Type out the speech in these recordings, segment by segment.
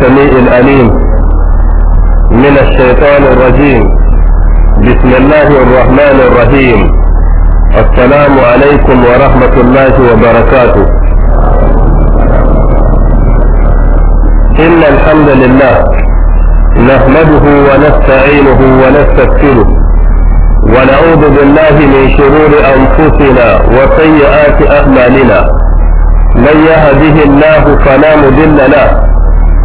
السميع الأليم من الشيطان الرجيم بسم الله الرحمن الرحيم السلام عليكم ورحمة الله وبركاته إن الحمد لله نحمده ونستعينه ونستغفره ونعوذ بالله من شرور أنفسنا وسيئات أعمالنا من يهده الله فلا مضل له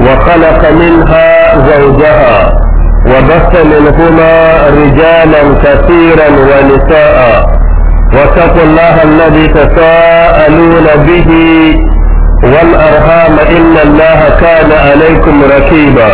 وخلق منها زوجها وبث منهما رجالا كثيرا ونساء واتقوا الله الذي تساءلون به والأرهام إن الله كان عليكم ركيبا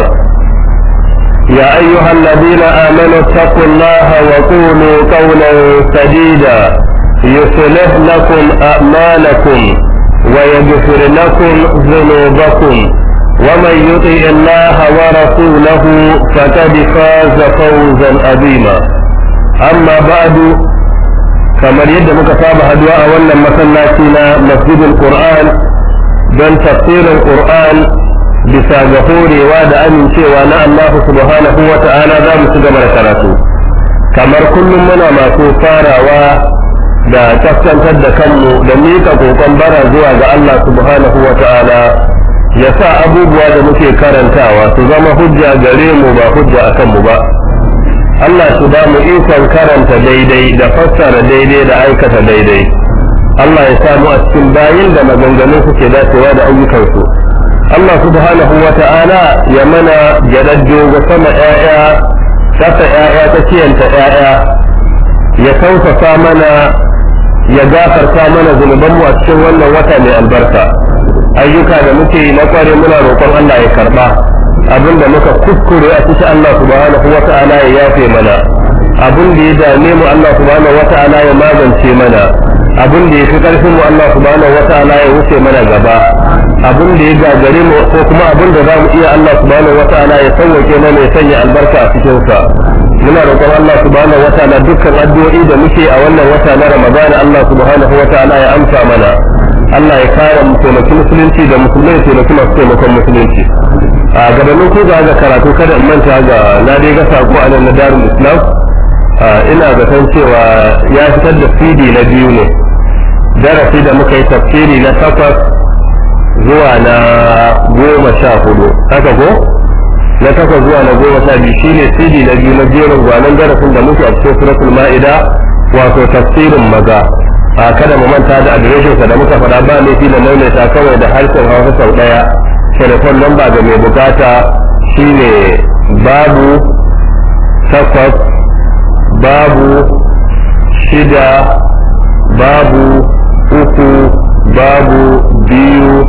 يا أيها الذين آمنوا اتقوا الله وقولوا قولا سديدا يصلح لكم أعمالكم ويغفر لكم ذنوبكم ومن يطع الله ورسوله فقد فاز فوزا عظيما أما بعد kamar yadda muka saba haduwa a wannan masallaci na masjidul qur'an don tafsirin qur'an bisa ga horewa da amincewa na allahu subhanahu wa ta'ala za mu ci gaba da karatu kamar kullum muna masu farawa da kaskantar da kanmu da miƙa kokon bara zuwa ga Allah subhanahu wa ta'ala ya sa abubuwa da muke karantawa su zama hujja gare mu ba hujja a kanmu ba Allah su ba mu ikon karanta daidai da fassara daidai da aikata daidai Allah ya samu a cikin bayin da maganganun suke dacewa da ayyukansu Allah subhanahu wa ta'ala ya mana gadajjo ga sama ‘ya'ya, kasa ‘ya'ya ta kiyanta ‘ya'ya, ya tausasa mana ya gafarta mana zunubanmu a cikin wannan wata mai albarka. ayyuka da muke yi na kware muna roƙon Allah ya karba abinda muka kuskure a cikin Allah subhanahu wa ta'ala ya yafe mana abin da ya dame mu Allah subhanahu wa ta'ala ya magance mana abin da ya fi karfin mu Allah subhanahu wa ta'ala ya wuce mana gaba abin da ya gagare mu ko kuma abin da za mu iya Allah subhanahu wa ta'ala ya sauke mana ya sanya albarka a cikin sa muna roƙon Allah subhanahu wa ta'ala dukkan addu'o'i da muke a wannan wata na Ramadan Allah subhanahu wa ta'ala ya amsa mana Allah ya kare taimaki musulunci da musulmai taimaki masu taimakon musulunci a gabanin ku ga karatu kada in manta ga na dai ga sako a nan na darul islam ina zaton cewa ya fitar da cd na biyu ne darasi da muka yi tafsiri na takwas zuwa na goma sha hudu haka ko na takwas zuwa na goma sha biyu shine cd na biyu na jerin gwanon darasin da muke a cikin suratul ma'ida wato tafsirin maza a kada mu manta da sa da muka faɗa ba fi da ta kawai da harkar hausa sau ɗaya telefon lamba ga mai bukata shine babu takwas babu shida babu uku babu biyu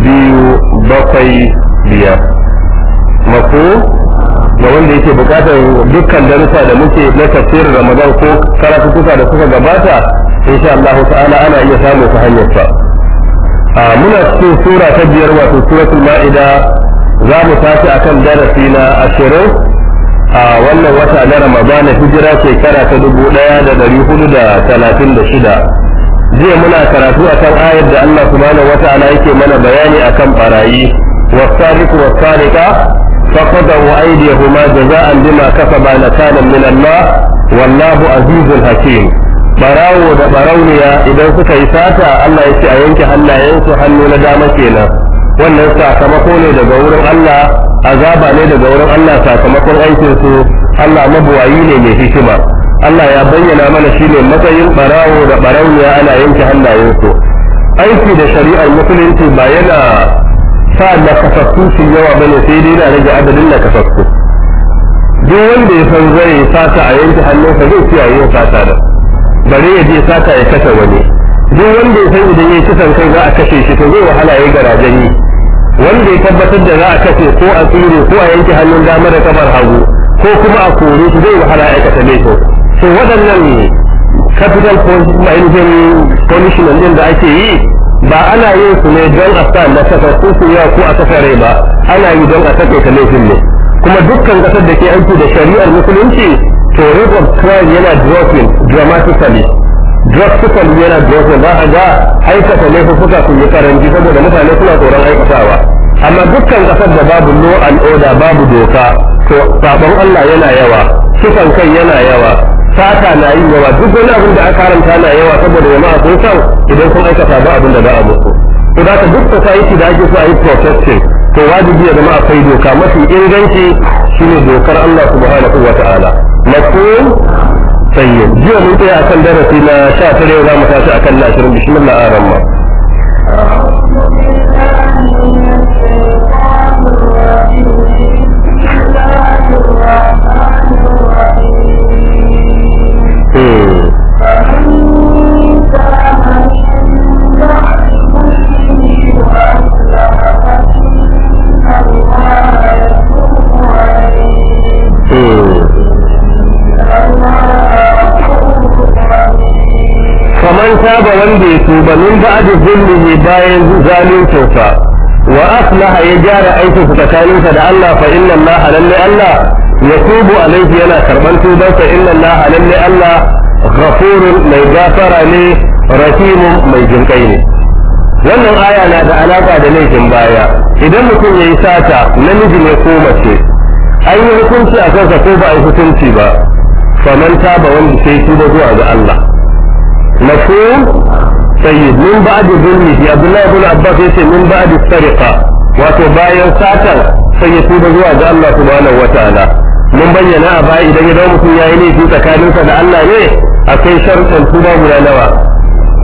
biyu bakwai biyar mako ga wanda yake bukatar dukkan darussa da muke na tafsir Ramadan ko karatu kusa da suka gabata insha Allah ta'ala ana iya samu ta hanyar sa muna cikin sura ta biyar wato suratul ma'ida za mu tashi akan darasi na 20 a wannan wata na Ramadan hijira shekara ta dubu ɗaya da dari hudu da talatin da shida jiya muna karatu akan ayar da Allah subhanahu wata'ala yake mana bayani akan barayi والسارق wasarika فقطعوا أيديهما جزاء بما كسبا نكالا من الله والله عزيز حكيم Ɓarawo da barauniya idan suka yi sata Allah ya ce a yanke hannayensu hannu na dama kenan wannan sakamako ne daga wurin Allah azaba ne daga wurin Allah sakamakon aikin su Allah mabuwayi ne mai hikima Allah ya bayyana mana shine matsayin barawo da barauniya ana yanke hannayensu aiki da shari'ar musulunci ba yana sa nakasassu su yawa ne sai dai na rage adadin nakasassu duk wanda ya san zai sata a yanke hannunsa zai fiya yin sata da bare ya je sata ya kashe wani duk wanda ya san idan ya kisan kai za a kashe shi to zai wahala ya garajen yi wanda ya tabbatar da za a kashe ko a tsire ko a yanke hannun dama da kamar hagu ko kuma a kore shi zai wahala ya aikata laifin to waɗannan capital ainihin punishment ɗin da ake yi ba ana yin su ne don a sa na saka ko su yawa ko a saka rai ba ana yi don a sake ka laifin ne kuma dukkan kasar da ke aiki da shari'ar musulunci to rate of crime yana dropping dramatically drastically yana dropping za a ga aikata laifuffuka sun yi karanci saboda mutane suna tsoron aikatawa amma dukkan kasar da babu law and order babu doka to sabon Allah yana yawa sukan kai yana yawa fata na yi yawa duk wani abin da aka haramta na yawa saboda jama'a sun san idan sun aikata ba abin da za a musu to da duk society da ake so a yi protesting to wajibi ya zama akwai doka mafi inganci shine dokar Allah subhanahu wa ta'ala mafhum tayyib jiya mun tsaya akan darasi na sha 19 yau za mu tashi akan na 20 bismillah arrahman taba wanda ya tuba min ba'da zulmihi bayan zaluncinsa wa aslaha ya gyara aikin tsakanin sa da Allah fa inna Allah lalle Allah yatubu alaihi yana karban tuban fa inna Allah lalle Allah ghafurun mai gafara ne rahimun mai jinkai ne wannan aya na da alaka da laifin baya idan mutum yayi sata namiji ne ko mace an yi hukunci a kansa ko ba a yi hukunci ba faman taba wanda sai tuba zuwa ga Allah مفهوم طيب من بعد ظلمه عبد الله بن عباس يقول من بعد السرقة وتباين الله سبحانه وتعالى mun bayyana a baya idan ya mutum tsakaninsa da Allah ne akai sharuɗan tuba guda nawa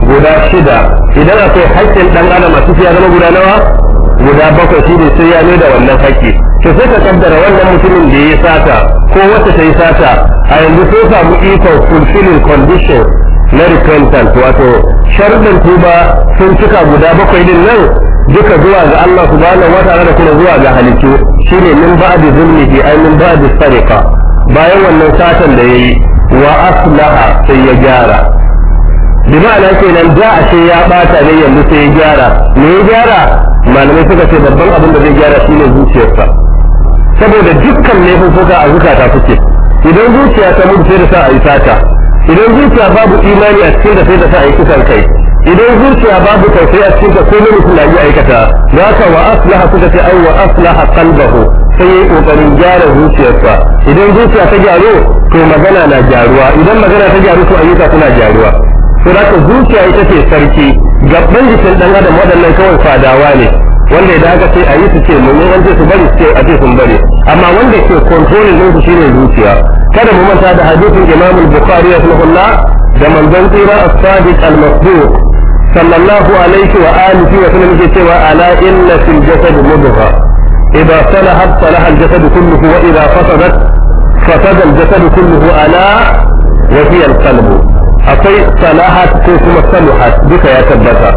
guda shida idan akwai haƙƙin ɗan adam a ya zama guda nawa guda bakwai shi ne sai ya ne da wannan haƙƙi to sai ka kaddara wannan mutumin da ya sata ko wata ta yi sata a yanzu sai samu ikon fulfilling condition na repentance wato sharuɗin tuba sun cika guda bakwai din nan duka zuwa ga Allah subhanahu wa ta'ala da kuma zuwa ga halittu shine min ba'di zulmihi ai min ba'di sariqa bayan wannan satan da yayi wa aslaha sai ya gyara bi ma'ana kenan da a sai ya bata ne yanzu sai ya gyara me ya gyara malamai suka ce babban abin da zai gyara shine zuciyarsa saboda dukkan laifin fuka a zukata suke idan zuciya ta mutu sai da sa a yi sata idan zuciya babu imani a cikin da sai da sa a yi kai idan zuciya babu kai a cikin da ko na mutum na yi aikata za ka wa aslaha suka ce an wa aslaha qalbahu sai ya yi kokarin gyara zuciyarsa idan zuciya ta gyaru to magana na gyaruwa idan magana ta gyaru to ayyuka suna gyaruwa to da ka zuciya ita ce sarki gaban jikin dan adam waɗannan kawai fadawa ne wanda idan aka ce a yi su ce mun an ce su bari su ce a ce sun bari amma wanda ke kontrolin ɗinsu shine zuciya kada mu manta da hadisin Imam Bukhari rahimahullah da manzon tsira as-sadiq al-masduq sallallahu alaihi wa alihi wa sallam yake cewa ala inna fil jasad mudghah idha salahat salaha al-jasad kulluhu wa idha fasadat fasada al-jasad kulluhu ala wa hiya al-qalb akwai salahat ko kuma saluhat duka ya tabbata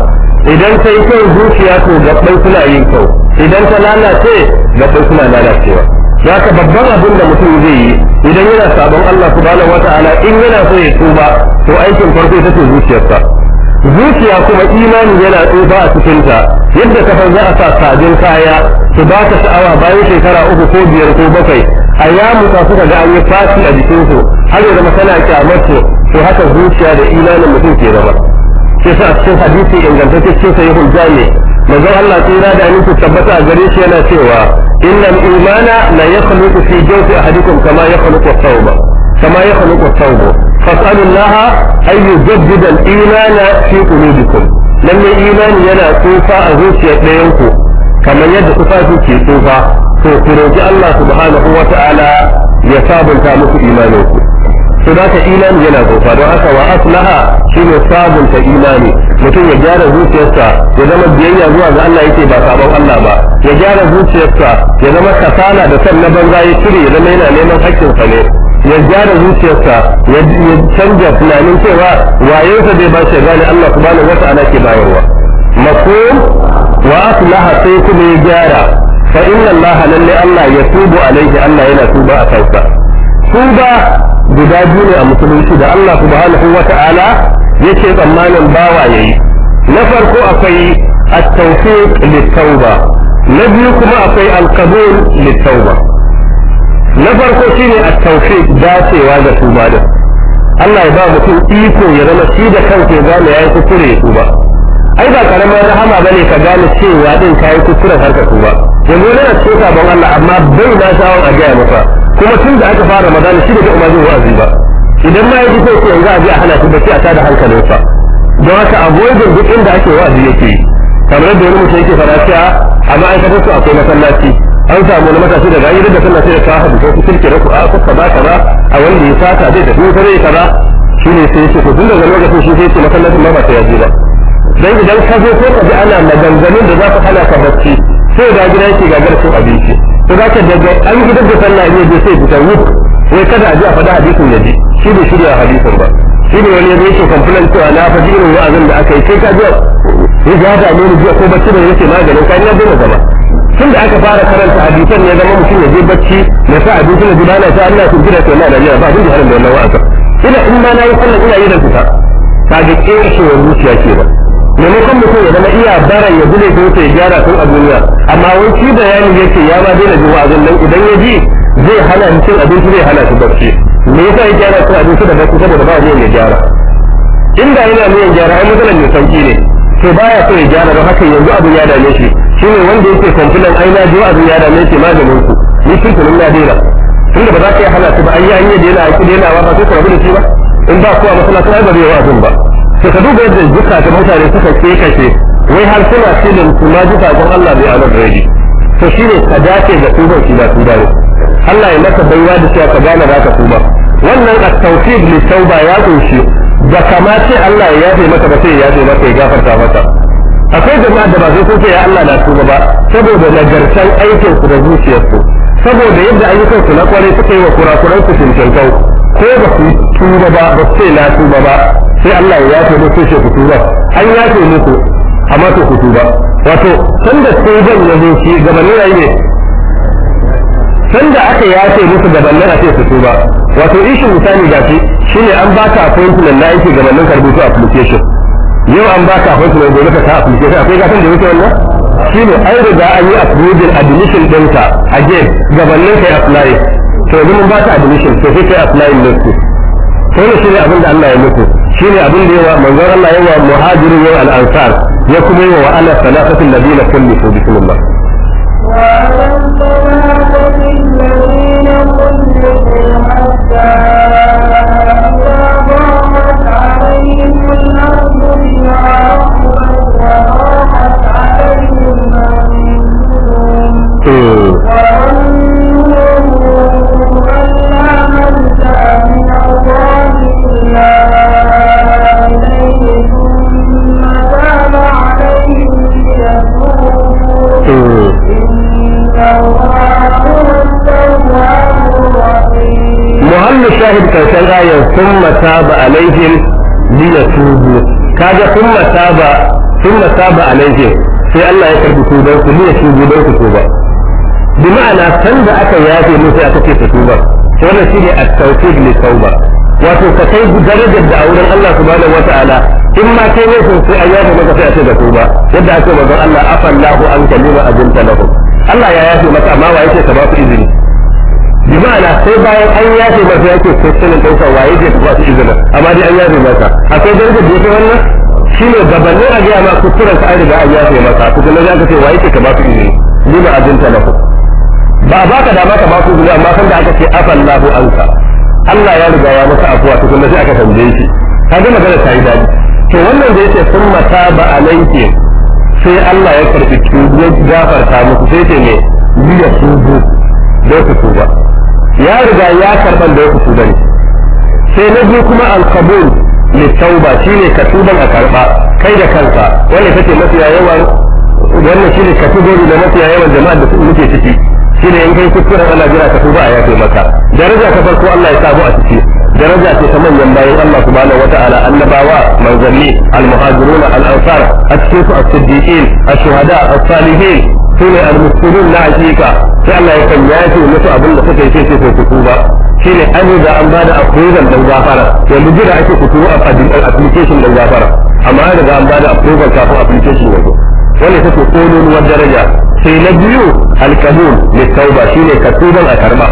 idan sai kyau zuciya to gabbai suna yin kyau idan ta lalace gabbai suna lalacewa ya babban abin da mutum zai yi idan yana sabon Allah subhanahu wata'ala in yana so ya tuba to aikin farko ya ce zuciyarsa zuciya kuma imani yana tsufa a cikin ta yadda ka za a sa sabin kaya su ba ta sha'awa bayan shekara uku ko biyar ko bakwai a yamuka suka ga an yi fashi a jikinsu har ya zama tana kyamarsu to haka zuciya da imanin mutum ke zama ke sa cikin hadisi ingantacce cikin sahihul ne manzon Allah tsira da aminci tabbata a gare shi yana cewa إن الإيمان لا يخلق في جوف أحدكم كما يخلق الثوب كما يخلق الثوب فاسألوا الله أن يجدد الإيمان في قلوبكم لم الإيمان ينا توفى أزوشي أتنينكو كما يد توفى توفى to ku roki Allah subhanahu wa ta'ala ya sabunta muku imaninku to ka imani yana zofa don haka wa aslaha shine sabunta imani mutum ya gyara zuciyarsa ya zama biyayya zuwa ga Allah yake ba sabon Allah ba ya gyara zuciyarsa ya zama kasala da san na banza ya cire ya zama yana neman sa ne ya gyara zuciyarsa ya canja tunanin cewa wayensa zai ba shi gane Allah subhanahu ta'ala ke bayarwa mafhum wa aslaha sai kuma ya gyara fa inna Allah lalle Allah ya tubu alaihi Allah yana tuba a kansa tuba guda biyu ne a musulunci da Allah subhanahu wa ta'ala yace tsammanin bawa yayi na farko akwai at littauba na biyu kuma akwai al-qabul lit na farko shine at-tawfiq dacewa da ba da Allah ya ba mutum iko ya zama shi da kansa ya gane yi kuskure ya ba ai ba karamar rahama bane ka gane cewa din kayi kuskuren harka tuba yanzu yana cikin sabon Allah amma bai na shawon a gaya masa kuma tun da aka fara magana shi da ga zai wa'azi ba idan ma yaji sai ce yanzu a je a hana shi bacci a tada hankalinsa don haka a avoidin duk inda ake wa'azi yake kamar da wani mutum yake fara cewa a ma'aikatar su akwai masallaci an samu wani matashi daga yi da sallah sai da kawo hadisi ku kirkira ku a kuka ba kaza a wanda ya sata zai da dun zai kaza shi ne sai ce ko tun daga lokacin shi sai ce masallacin ma ba ta yaji ba dan idan ka zo ko ka ji ana maganganun da za ka hana ka bacci sai da gida yake gagar cin abinci to za ta daga an gidan da sallah ne bai sai fita wuf sai kada a ji a faɗa hadisin ya ji shi bai shirya hadisin ba shi ne wani yake kwamfulan cewa na faɗi irin wa'azin da aka yi kai ka jiya ya ji haka ne jiya ko bacci da yake maganin ka ina daina zama tun da aka fara karanta hadisan ya zama mutum ya je bacci ya sa abinci na gudana ta Allah sun gida kai na da ba abin da harin da wannan wa'azin ina in ma na yi sallan ina yi da fita ta ga ƙin shi wa zuciya ke ba maimakon mutum ya zama iya bara ya gudu ko ya gyara tun a duniya amma wai shi bayanin yake ya ma daina jin wa'azin nan idan ya ji zai hana ni cin abinci zai hana shi barci me yasa ya gyara cin abinci da barci saboda ba zai ya gyara inda yana niyan gyara ai matsalar ne sauki ne to baya so ya gyara don haka yanzu abin ya dame shi shine wanda yake kwamfilan ai na ji wa'azin ya dame shi maganin ku ni shi kunun na daina tunda ba za ka yi hana ba ai ya yi daina a ki daina ba ba sai ku rabu da shi ba in ba kowa masana ai ba zai yi ba to ka duba yadda ta mutane suka kekace wai har suna filin su ma zukatan Allah bai anar rage to shi ka dace da tuban shi da tuba ne Allah ya maka baiwa da cewa ka gane zaka tuba wannan at-tawfiq li tauba ya kunshi da kamace Allah ya yafe maka ba sai ya yafe maka ya gafarta maka akwai jama'a da ba sai sun ce ya Allah na tuba ba saboda nagartan aikin su da zuciyarsu saboda yadda ayyukan su na kwarai suka yi wa kurakuran su shinkantau ko ba su tuba ba ba su ce na tuba ba sai Allah ya yafe muku sai ku tuba an yafe muku amma to ku tuba wato sanda tuban ya zo shi gabanin yi ne sanda aka yafe musu gabanin a ce su tuba wato ishin misali ga shi shine an ba baka appointment na aiki gabanin ka rubuta application yau an baka appointment gobe ka ta application akwai gatan da wuce wannan shine an riga an yi approving admission ɗinka again gabanin kai apply to yanzu mun ta admission to sai kai apply ne ku to ne shine abin da Allah ya muku shine abin da yawa manzon Allah yawa muhajirin yawa al-ansar ya kuma yawa ala salafatin ladina kullifu bismillah Mm. thumma taba alaihim liyatubu kaga thumma taba thumma taba alaihim sai Allah ya karbi tuban su liyatubu don su tuba bi ma'ana san da aka yafe musu aka ce su tuba wannan shine at-tawfiq li tauba wato ka kai darajar da auren Allah subhanahu wata'ala in ma kai ne sai an yafe maka sai a ce da tuba yadda aka manzon Allah afallahu an kalima abinta lahu Allah ya yafe maka amma wa yake ka ba ku izini bima'ana sai bayan an yafe masa yake kwestiyonin ɗauka waye zai ba su izinin amma dai an yafe masa akwai darajar da yake wannan shi shine gabanin a gaya ma kuskuren ka an riga an yafe masa kuma na zaka ce waye ke ka ba su izini lima azinta lahu ba ba ka dama ka ba izini amma da aka ce afallahu anka Allah ya riga ya masa afuwa tukunna sai aka tambaye shi ga magana ta yi daɗi to wannan da yake sun mata ba ke sai Allah ya karɓi ya gafarta musu sai ce ne liya su don su tuba ya riga ya karban da yake fito sai na biyu kuma alqabul litauba shine ka tuban a karba kai da kanka wanda kake mafiya yawan wannan shine kategori da mafiya yawan jama'a da muke ciki shine in kai kuskure Allah jira ka tuba a yafe maka daraja ta farko Allah ya samu a ciki daraja ce ta manyan bayan Allah subhanahu wataala annabawa manzanni almuhajiruna al-ansar a cikin a as-siddiqin ash-shuhada as-salihin su ne almuslimin na hakika sai Allah ya kan yafe musu abin da suka yi sai sai ku tuba shine an da an bada approval dan gafara yanzu jira ake ku tuba application dan gafara amma an da an bada approval kafin application yanzu wanda take kololuwar daraja sai na biyu alqanun litauba shine ka tuban a karba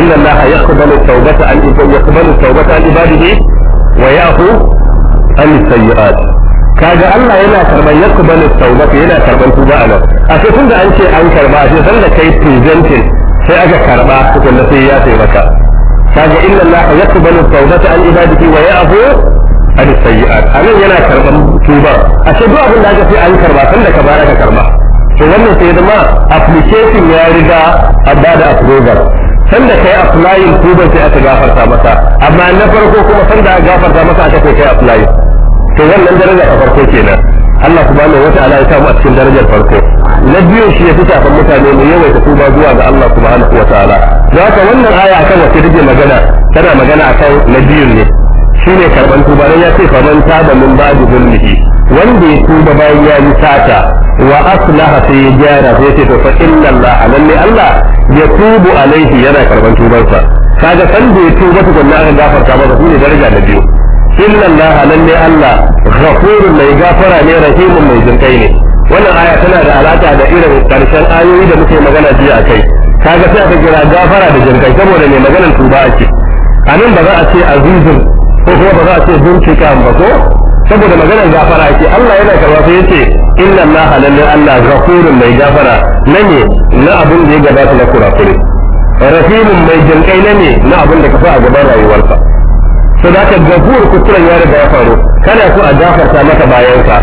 inna allaha yaqbalu tawbata an ibadihi yaqbalu tawbata an ibadihi wa ya'fu an sayyi'at kaga Allah yana karban yaqbalu tawbata yana karban tuba a nan a sai tunda an ce an karba sai san da kai presenting sai aka karba tukunna sai ya sai maka kaga inna Allah yaqbalu tawbata an ibadihi wa ya'fu an sayyi'at anan yana karban tuba a sai duk abin da aka sai an karba san da ka bara ka karba to wannan sai zama application ya riga a da approval sanda kai applying tuban sai aka gafarta masa amma na farko kuma sanda aka gafarta masa aka kai applying to wannan daraja ta farko kenan Allah subhanahu ala ya samu a cikin darajar farko na biyu shi ya fi kan mutane mu yawaita tuba zuwa ga Allah subhanahu wata'ala da haka wannan aya akan wacce take magana tana magana akan na ne shine karban tuba dan ya ce faman taba min ba'di zulmihi wanda ya tuba bayan ya yi sata wa aslaha sai ya gyara sai ce to fa inna Allah lalle Allah ya tubu alaihi yana karban tubarsa kaga san da ya tuba tukunna aka gafarta masa shine daraja na biyu inna allaha lalle allah ghafurun mai gafara ne rahimun mai jinkai ne wannan aya tana da alaka da irin karshen ayoyi da muke magana jiya a kai kaga sai aka kira gafara da jinkai saboda mai maganar tuba ake a nan ba za a ce azizun ko kuma ba za a ce bincika ba ko saboda maganar gafara ake Allah yana karba sai yace inna allaha lalle allah ghafurun mai gafara na ne na abin da ya gabata na kurakure rahimun mai jinkai na ne na abin da ka fa a gaban rayuwarsa so da ka gafur ya riga ya faru kana so a gafarta maka bayan ka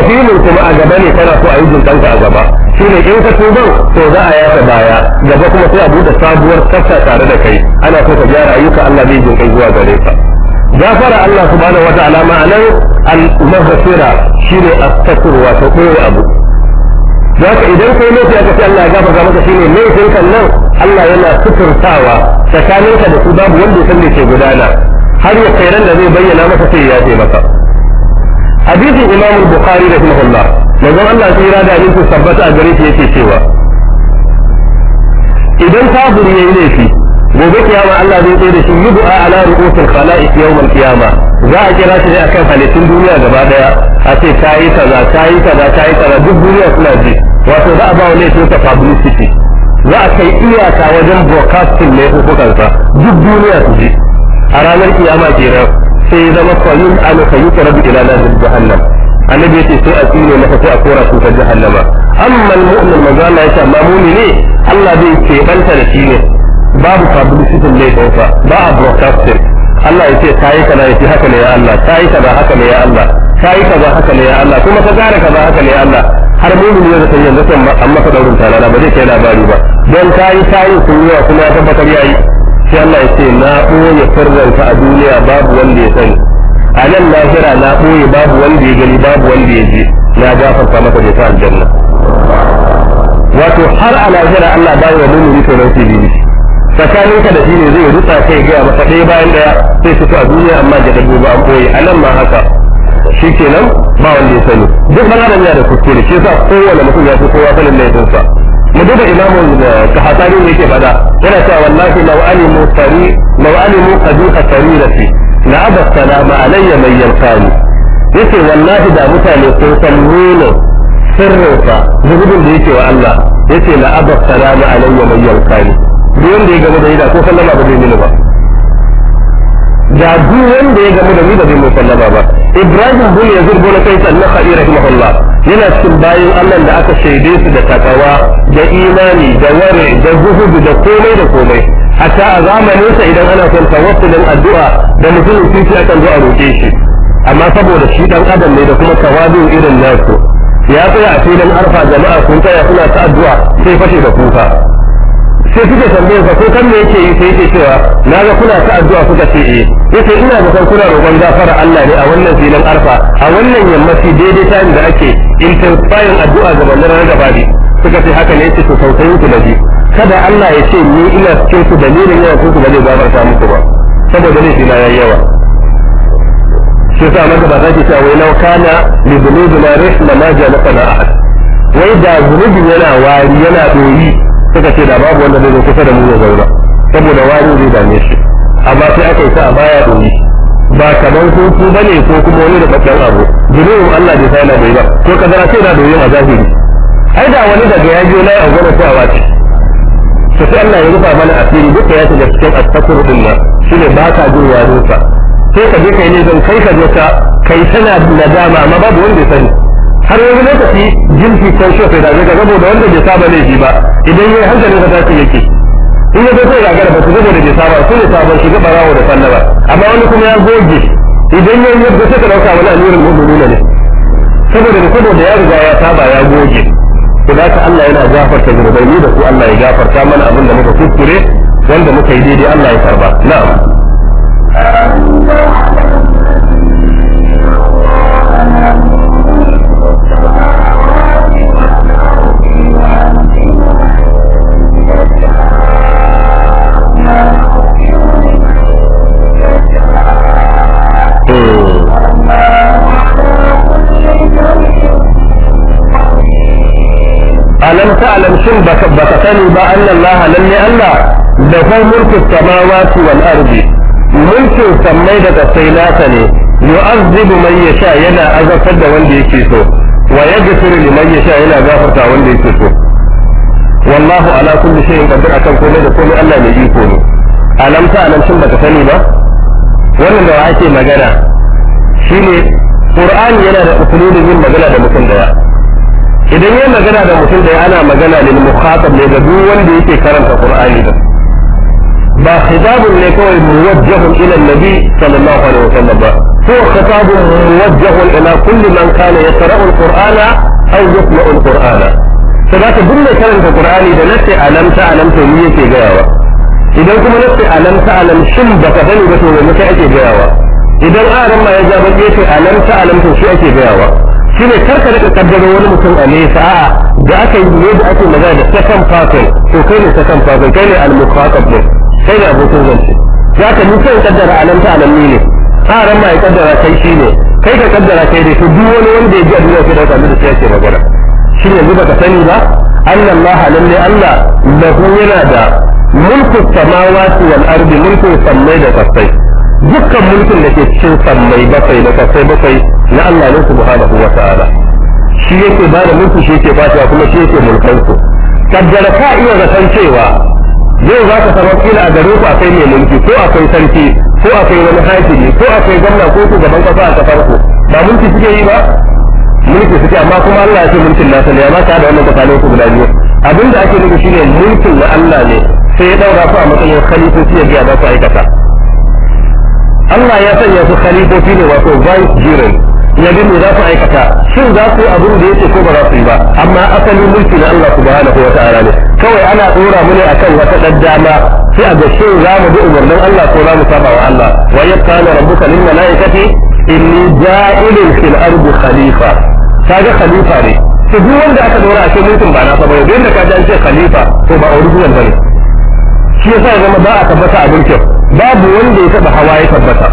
kuma a gaba ne kana so a yi jinkanka a gaba shi ne in ka tuba to za a yafa baya gaba kuma sai a buɗe sabuwar tsafta tare da kai ana so ka gyara ayyuka Allah zai jinkai zuwa gare ka gafara Allah subhanahu wataala ma'anar al-maghfira shine astatur wa ta abu zaka idan kai laifi aka ce Allah ya gafarta maka shine mai kan nan Allah yana suturtawa tsakaninka da su babu wanda ya san ke gudana har ya kai da zai bayyana masa sai ya ce masa hadisin imam bukhari da kuma Allah manzon Allah sai ya da ku tabbata a gare shi yake cewa idan buri yayi laifi gobe kiyama Allah zai tsaye da shi yubu ala ru'usul khalaiq yawm al-qiyama za a kira shi akan halittun duniya gaba daya a ce kayi kaza kayi kaza kayi kaza duk duniya suna ji wato za a ba wa laifin ta publicity za a kai iyaka wajen broadcasting ne hukukansa duk duniya su ji a ranar kiyama kenan sai zama kwanin an ka yi karabi ila nazin jahannam annabi yace sai a tsine maka sai a kora su ta jahannama amma almu'min manzo Allah yace amma mu'mini Allah zai ce banta da shi ne babu publicity ne kansa ba a broadcasting Allah yace kai kana yace haka ne ya Allah kai kaza haka ne ya Allah kai kaza haka ne ya Allah kuma ka gara kaza haka ne ya Allah har mu'mini ya zata yanzu amma ka daurin talala ba zai kai labari ba don kai kai sun yi kuma ya tabbatar yayi sai Allah ya ce na ɓoye sirranka a duniya babu wanda ya sani a nan lahira na ɓoye babu wanda ya gani babu wanda ya je na gafarta maka da ta aljanna wato har a lahira Allah bai wa mumini tsoron sirri tsakanin ka da shi ne zai rutsa kai ga masa ɗaya bayan ɗaya sai su a duniya amma da dabbobi an ɓoye a nan ma haka shi kenan ba wanda ya sani duk bana da da kuskure shi yasa kowane mutum ya fi kowa sanin laifinsa mu duba imamun kahatari ne yake bada yana cewa wallahi law alimu sari law alimu qabiha sarirati la aba salama alayya man yalqani yace wallahi da mutane sun san nuna sirrinsa zubudin da yake wa Allah yace la aba salama alayya man yalqani duk da ya gaba da ida ko sallama ba zai nuna ba da duk wanda ya gamu da ni ba zai mun sallama ba ibrahim bin yazid bin kaisan nakhai rahimahullah yana cikin bayan Allah da aka shaide su da takawa da imani da ware da zuhudu da komai da komai hatta a zamanin sa idan ana son tawassulin addu'a da mutumin titi akan zo a roke shi amma saboda shi dan adam ne da kuma tawazu irin nasu ya tsaya a filin arfa jama'a sun tsaya suna ta addu'a sai fashe da kuka sai suke tambaye sa ko kan da yake yi sai yake cewa na ga kuna ta addu'a kuka ce eh yace ina da san kuna roƙon gafara Allah ne a wannan filin arfa a wannan yammaci daidai ta da ake intensifying addu'a ga bandar na ne, suka ce haka ne yace to tausayin ku da ji kada Allah ya ce ni ina cikin ku dalilin yana cikin ku ba zai gafarta muku ba saboda ne na yi yawa Sai sa maka ba za ki cewa wai laukana na rishi da ma jana ahad wai da zunubi yana wari yana doyi suka ce da babu wanda zai zo kusa da mu ya zauna saboda wari zai dame shi amma sai aka yi sa a baya domin ba kaman hutu ba ne ko kuma wani da babban abu jirin Allah bai sai na bai ba to zara sai na doyin a zahiri ai da wani daga ya je na a gwada sai a wace su sai Allah ya rufa mana asiri duka ya shiga cikin attakur din nan ne ba ka jin warinsa sai ka je kai ne zan kai ka je ka kai tana dama amma babu wanda ya sani har yanzu lokaci jinsi ko shofe da zai ga da wanda bai saba laifi ba idan yayi hankali sa tashi yake in ya zai ga gara ba su saboda bai saba su ne sabon shi ga barawo da falla ba amma wani kuma ya goge idan yayi yadda suka dauka wani alurin mu'minin ne saboda da saboda ya riga ya saba ya goge to Allah yana gafarta zunubai ni da ku Allah ya gafarta mana abin da muka kuskure wanda muka yi daidai Allah ya karba na'am alam ta'lam shin baka sani ba anna Allah lalle Allah da fa mulku samawati wal ardi mulkin sammai da kasai nasa ne yu'azzibu man yasha yana azabtar da wanda yake so wa yaghfiru liman yasha yana gafarta wanda yake so wallahu ala kulli shay'in qadir akan komai da komai Allah mai iko ne alam ta'lam shin baka sani ba wannan da ake magana shine Qur'ani yana da usulun yin magana da mutum daya idan yi magana da mutum da ana magana ne mukhatab ne ga duk wanda yake karanta qur'ani ba ba khitabun ne kawai muwajjahun ila nabi sallallahu alaihi wasallam ba ko khitabun muwajjahun ila kulli man kana yaqra'u alqur'ana aw yaqra'u alqur'ana sabaka duk mai karanta qur'ani da nasi alamta alamta ne yake gayawa idan kuma nasi alamta alam shin baka bani ba to me kai ake gayawa idan aran ma ya ja ba yake alamta alamta shi ake gayawa shi ne karka daga kaddaro wani mutum a nesa a da aka yi ne da ake magana da second person to kai ne second person kai ne al-mukhaqab ne kai ne abokin zance za ka ni kai kaddara anan ta anan ne a ran ma ya kaddara kai shi ne kai ka kaddara kai ne to duk wani wanda ya ji addu'a sai da kaddara sai yake magana shi ne yanzu baka sani ba anna Allah lalle Allah lahu yana da mulku samawati wal ardi mulku sammai da kasai dukkan mulkin da ke cikin sammai bakwai da kasai bakwai na Allah ne subhanahu wa ta'ala shi yake ba da mulki shi yake ba kuma shi yake mulkan su kaddara ka iya zaton cewa yau za ka samu kila a gare ku akwai mai mulki ko akwai sarki ko akwai wani hakimi ko akwai gwamna ko shugaban kasa a kasar ku ba mulki suke yi ba mulki suke amma kuma Allah ya ce mulkin nasa ne amma ta da wannan tsakanin ku guda biyu abin da ake nufi shine mulkin na Allah ne sai ya daura ku a matsayin khalifoci ya biya ba su aikata Allah ya sanya su khalifoci ne wato vice jiran ya ga me za su aikata shin za su yi abin da yake ko ba za su yi ba amma asalin mulki na Allah subhanahu wa ta'ala ne kawai ana dora mu ne akan wata dan dama sai a ga shin za mu bi umarnin Allah ko za mu saba wa Allah wa yaqala rabbuka lil malaikati inni ja'ilun fil ardi khalifa kaga khalifa ne to duk wanda aka dora a cikin mulkin ba na saba yau da kaji an ce khalifa to ba original bane shi yasa ya zama ba a tabbata a mulkin babu wanda ya taba hawa ya tabbata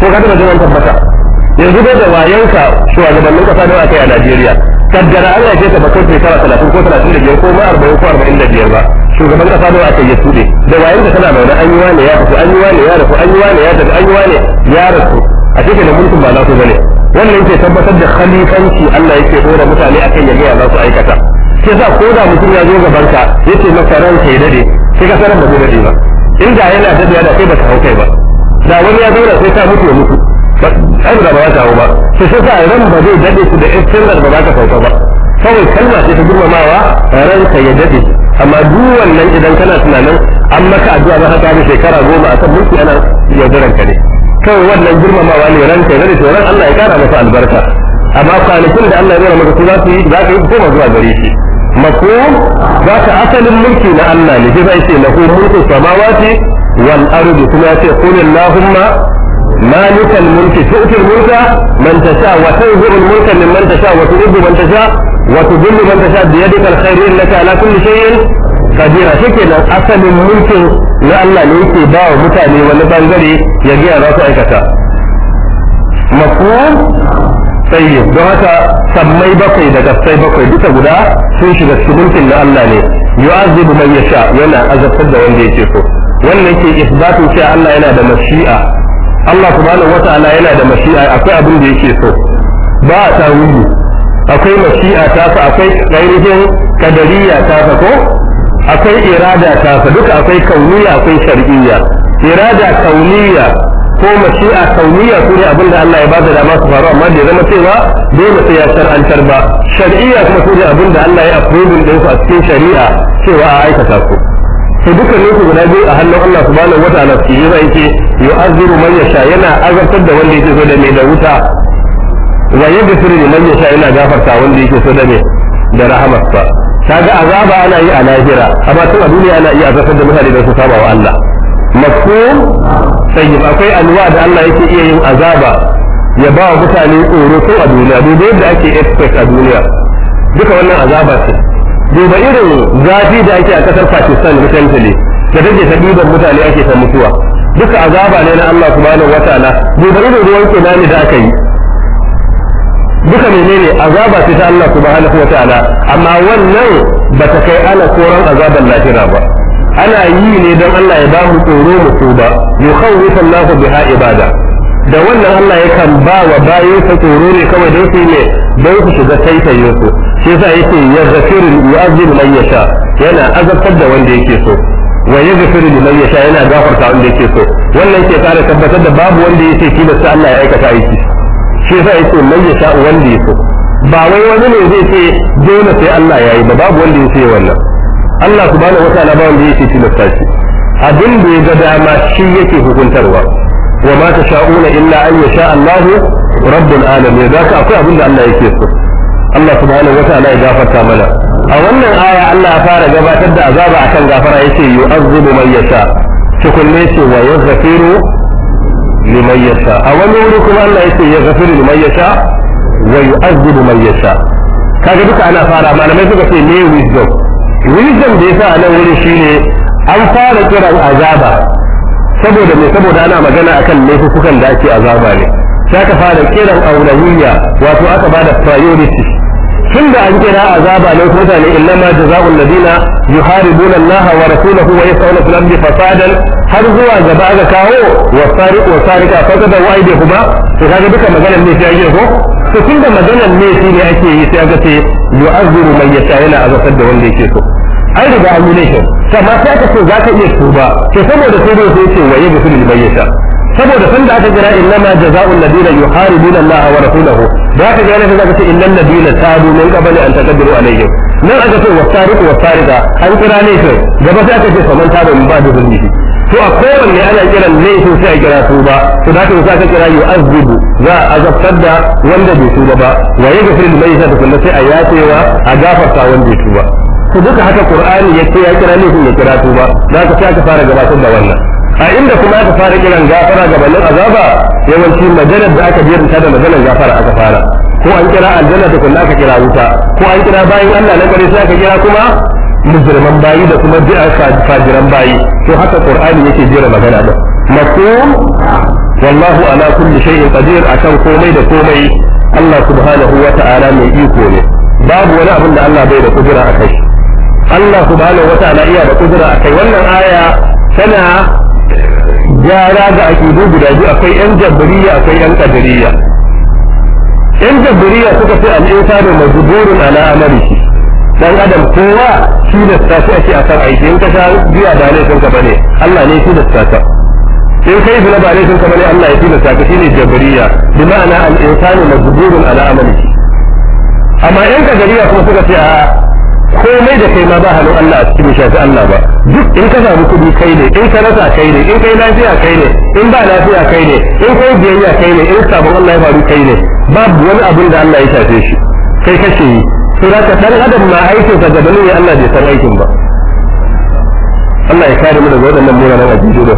ko ka taba jin tabbata yanzu dai da wayanka shugabannin kasa da aka yi a Najeriya kaddara Allah ya ka bakai shekara 30 ko 35 ko ma 40 ko 45 ba shugaban kasa da aka yi tude da wayanka kana da an yi wane ya tafi an yi wane ya tafi an yi wane ya tafi an yi wane ya rasu a cikin da mulkin ba na su bane wannan yake tabbatar da khalifanci Allah yake dora mutane akan ya ga za su aikata sai sa ko da mutum ya zo gaban ka yace maka ranka ya dade sai ka sanar da dade ba in da yana dade yana sai baka hau kai ba da wani ya zauna sai ka mutu ya mutu ai ba za ta hau ba su shi sa ran ba zai daɗe su da standard ba za ka sauka ba kawai kalma ce ta girmamawa ranka ya daɗe amma duk wannan idan kana tunanin an maka addu'a za ka shekara goma a kan mulki ana yaudaranka ne kawai wannan girmamawa ne ranka ya daɗe to ran Allah ya kara masa albarka amma kwanakin da Allah ya zama maka su za su yi za ka yi koma zuwa gare shi mako za ka asalin mulki na Allah ne sai ce lahu mulku samawati wal ardi kuma ya ce qul allahumma مالك الملك تؤتي الملك من تشاء وتنزع الملك ممن تشاء وتعز من تشاء وتذل من تشاء بيدك الخير انك على كل شيء قدير شكرا اصل الملك لا الله ليكي باو متاني ولا بانجري يجي راسه ايكتا مفهوم طيب don haka sammai bakwai da gassai bakwai duka guda sun shiga cikin mulkin na Allah ne yu'azibu man yasha yana azabtar da wanda yake so wannan ke isbatun cewa Allah yana da mashi'a Allah subhanahu wata'ala yana da mashi'a akwai abin da yake so ba a tawili akwai mashi'a fa akwai ainihin kadariya fa ko akwai irada ta fa duka akwai kauniya akwai shar'iyya irada kauniya ko mashi'a kauniya su abin da Allah ya ba da dama su faru amma da zama cewa dole sai ya shar'antar ba shar'iyya kuma su abin da Allah ya approve din su a cikin shari'a cewa a aikata su to dukkanin su guda biyu a hannun Allah subhanahu wataala su yi zai ce yu'azziru man yasha yana azabtar da wanda yake so da mai da wuta wa yaghfiru liman yasha yana gafarta wanda yake so da mai da rahamarsa kaga azaba ana yi a lahira amma tun a duniya ana iya azabtar da mutane da su saba wa Allah mafhum sayyid akwai alwa da Allah yake iya yin azaba ya ba wa mutane tsoro ko a duniya duk da yadda ake expect a duniya duka wannan azaba ce duba irin zafi da ake a kasar Pakistan misali da take ta ɗiban mutane ake ta mutuwa duka azaba ne na Allah subhanahu wataala duba irin ruwan tsunami da aka yi duka menene azaba ce ta Allah subhanahu wataala amma wannan ba ta kai ana koran azaban lahira ba ana yi ne don Allah ya ba mu tsoro mu tuba yukhawwifu Allahu biha ibada da wannan Allah yakan ba wa bayan sa tsoro ne kawai don su ne don su shiga taitayin su shi yasa yake ya zafiru yu'azzibu man yasha yana azabtar da wanda yake so wa da liman yasha yana gafarta wanda yake so wannan ke kare tabbatar da babu wanda yake sa Allah ya aikata aiki shi yasa yake man yasha wanda yake so ba wai wani ne zai ce dole sai Allah ya yi ba babu wanda ya ce wannan Allah subhanahu wataala ba wanda yake sa shi abin da ya ga dama shi yake hukuntarwa wa ma tasha'una illa an yasha Allahu rabbul alamin zaka akwai abin da Allah yake so Allah subhanahu wataala ya gafarta mana a wannan aya Allah ya fara gabatar da azaba akan gafara yace yu'azzibu man yasha tukunne ce wa yaghfiru liman yasha a wani wuri kuma Allah yace yaghfiru liman yasha wa yu'azzibu man yasha kaga duka ana fara malamai suka ce ne wisdom wisdom da yasa a nan wuri shine an fara kiran azaba saboda me saboda ana magana akan laifukan da ake azaba ne sai ka fara kiran aulawiyya wato aka bada priority tun da an kira azaba ne ko mutane innama jazaa'ul ladina yuharibuna Allah wa rasulahu wa yasawna fil ardi fasadan har zuwa gaba aka kawo wa sariqu wa sariqa fasada wa to kaga duka maganar ne sai ake ko to tun da maganar ne shi ne ake yi sai aka ce yu'azziru man yasha yana azabtar da wanda yake so an riga an yi laifin sai aka ce za ka iya tuba to saboda sai dai sai ce wa yaghfiru liman yasha saboda sanda aka kira innama jazaa'ul ladina yuharibuna Allah wa rasulahu za ka gane sai ka ce innal ladina tabu min qabli an taqdiru alaihim nan aka ce wasariqu wasariqa an kira laifin gaba sai aka ce faman tabu min ba da zulmi to a kowanne ana kiran laifin sai a kira su ba to za ka ka kira yu'azzibu za a azabtar da wanda bai ba wa yaghfir liman yasha da kuma sai a yafewa a gafarta wanda ya ba to duka haka qur'ani yace ya kira laifin ya kira tuba za ka sai aka fara gabatar da wannan a inda kuma aka fara kiran gafara ga balin azaba yawanci maganar da aka jiranta da maganar gafara aka fara ko an kira aljanna da kuma aka kira wuta ko an kira bayin Allah na gare sai aka kira kuma mujriman bayi da kuma fajiran bayi to haka qur'ani yake jira magana da mafhum wallahu ala kulli shay'in qadir akan komai da komai Allah subhanahu wa ta'ala mai iko ne babu wani abin da Allah bai da kudura akai Allah subhanahu wa ta'ala iya da kudura akai wannan aya tana gyara da aƙidu guda biyu akwai yan jabiriya akwai yan kadariya yan jabiriya suka ce al'insanu majburun ala amalihi dan adam kowa shi da shi ake akan aiki in ka sha biya ba laifin ka bane Allah ne shi da ta in kai zina ba laifin ka bane Allah ya tilasta ka shine jabiriya bi ma'ana al-insanu majburun ala amalihi amma yan kadariya kuma suka ce a komai da kai ma ba hannun Allah a cikin shafi Allah ba duk in ka samu kuɗi kai ne in ka rasa kai ne in kai lafiya kai ne in ba lafiya kai ne in kai biyayya kai ne in sabon Allah ya faru kai ne babu wani abin da Allah ya shafe shi kai kake yi sai za ka dan adam ma aikin sa gabanin ya Allah bai san aikin ba Allah ya kare mu daga waɗannan munanan ajiyu da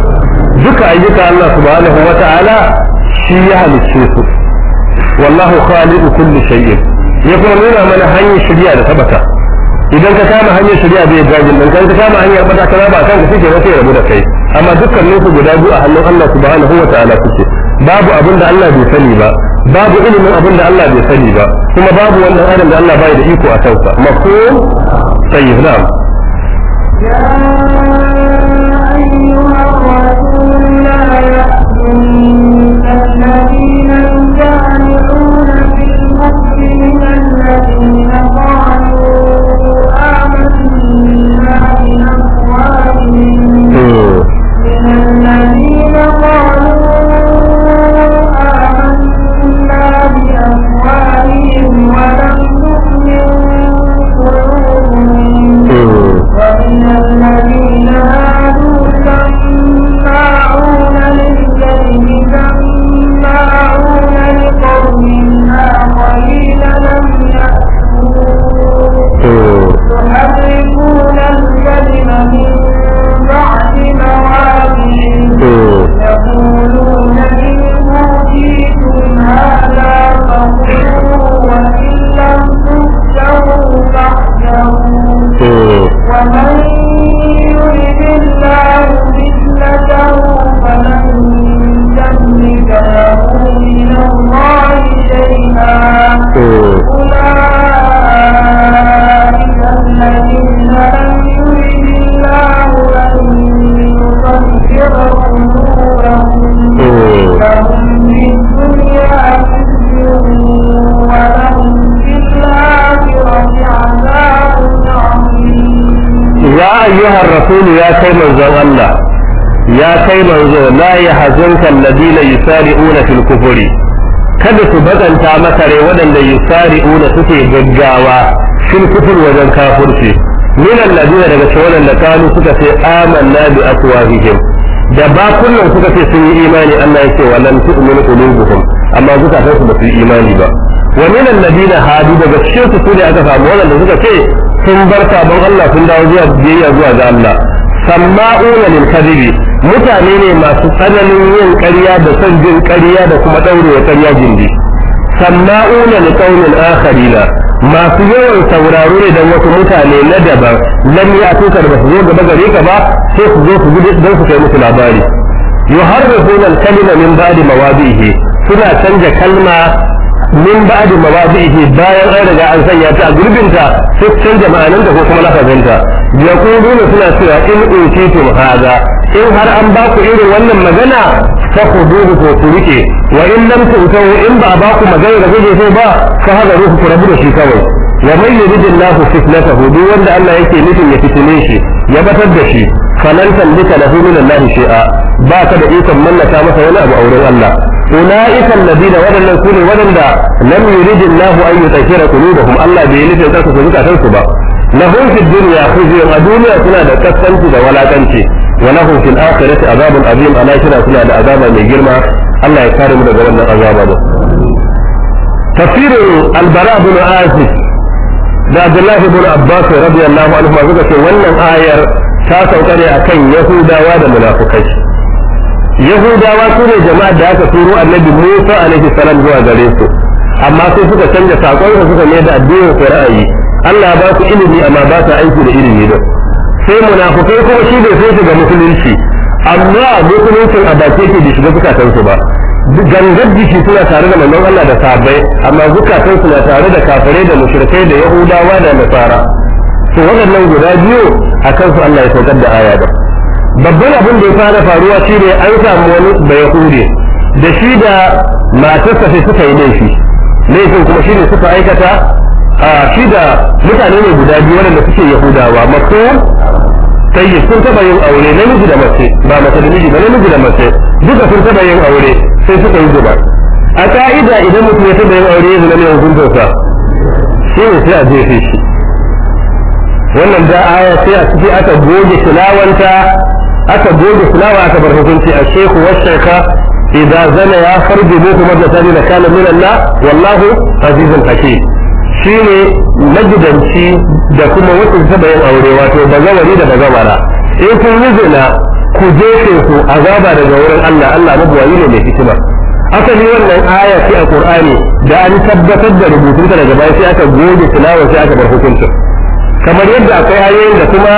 duka ayyuka Allah subhanahu ta'ala shi ya halicce su wallahu khaliqu kulli shay'in ya kuma nuna mana hanyar shirya da tabata idan ka kama hanyar shari'a bai jajin nan kan ka kama hanyar bata kana ba kan ka suke na sai rabu da kai amma dukkanin su guda biyu a hannun Allah subhanahu wa ta'ala suke babu abin da Allah bai sani ba babu ilimin abin da Allah bai sani ba kuma babu wannan adam da Allah bai da iko a kansa mafhum tayyib na'am يا أيها الرسول لا يحزنك الذين kai manzo la yahzunka alladina yusari'una fil kufri kada su bazanta maka rai waɗanda yusari'una suke gaggawa fil kufur wajen kafirci min alladina daga cikin waɗanda kanu suka ce amanna bi afwahihim da bakunan suka ce sun yi imani Allah yake wa lam tu'minu qulubuhum amma zukatan su ba su yi imani ba wa min alladina hadu daga cikin su ne aka samu waɗanda suka ce sun bar sabon Allah sun dawo zuwa biyayya zuwa ga Allah samma'una lil kadhibi mutane ne masu tsananin yin ƙarya da son jin ƙarya da kuma ɗaurewa ƙarya jindi samma'una tsaunin qaumin akharina masu yawan sauraro ne don wasu mutane na daban lam ya tukar ba su zo gaba gare ka ba sai su zo su gudu don su kai musu labari yuharrifuna al-kalima min ba'di mawadihi suna canja kalma min ba'di mawadihi bayan an riga an sanya ta a gurbinta sai canja ma'ananta ko kuma lafazinta yaquluna suna cewa in utitum hadha in har an ba ku irin wannan magana fa khuduhu ko ku rike wa in lam tu'tahu in ba ba ku magana da kuke so ba fa hada ruhu ku rabu da shi kawai wa man yuridillahu fitnatahu duk wanda Allah yake nufin ya fitine shi ya batar da shi falan tamlika lahu min Allah shay'a ba ka da ikon mallaka masa wani abu a wurin Allah أولئك الذين ولن نكون ولن لم يريد Allah bai yi قلوبهم الله su يترك سبك ba. lahum fid dunya khizyun a duniya suna da kaskanci da walakanci wa lahum fil a azabun azim a lahira suna da azaba mai girma Allah ya kare mu daga wannan azaba da tafsirin albara bin azib da abdullahi bin abbas radiyallahu anhu ma suka ce wannan ayar ta sauka ne akan yahudawa da munafukai yahudawa su ne da aka turo annabi musa alaihi salam zuwa gare su amma sai suka canja sakon suka ne da addinin su ra'ayi Allah ba su ilimi amma ba ta aiki da ilimi da sai munafukai kuma shi bai sai ga musulunci amma musuluncin a baki yake da shiga su ba gangar jiki suna tare da manzon Allah da sabai amma su na tare da kafirai da mushrikai da yahudawa da nasara to waɗannan guda biyu a kansu Allah ya saukar da aya ba babban abin da ya fara faruwa shi ne an samu wani bayahudi da shi da matarsa sai suka yi laifi laifin kuma shi ne suka aikata a shi da mutane ne guda biyu waɗanda suke yahudawa masu tayyib sun taɓa yin aure namiji da mace ba mace da miji ba namiji da mace duka sun taɓa yin aure sai suka yi zuba a ka'ida idan mutum ya taɓa yin aure ya zama mai hukuntarsa shi ne sai a jefe shi wannan da aya sai a ciki aka goge tilawanta aka goge tilawa aka bar hukunci a shehu wasu ka إذا زنيا فارجموه مرة ثانية كان من الله والله عزيز حكيم shi ne magidanci da kuma wacin saba yin aure wato bazawari da bazawara in kun yi zina ku jefe ku azaba daga wurin Allah Allah mabuwayi ne mai Aka asali wannan aya ce a Qur'ani da an tabbatar da ta daga baya sai aka goge tilawa sai aka bar hukuncin kamar yadda akwai ayoyin da kuma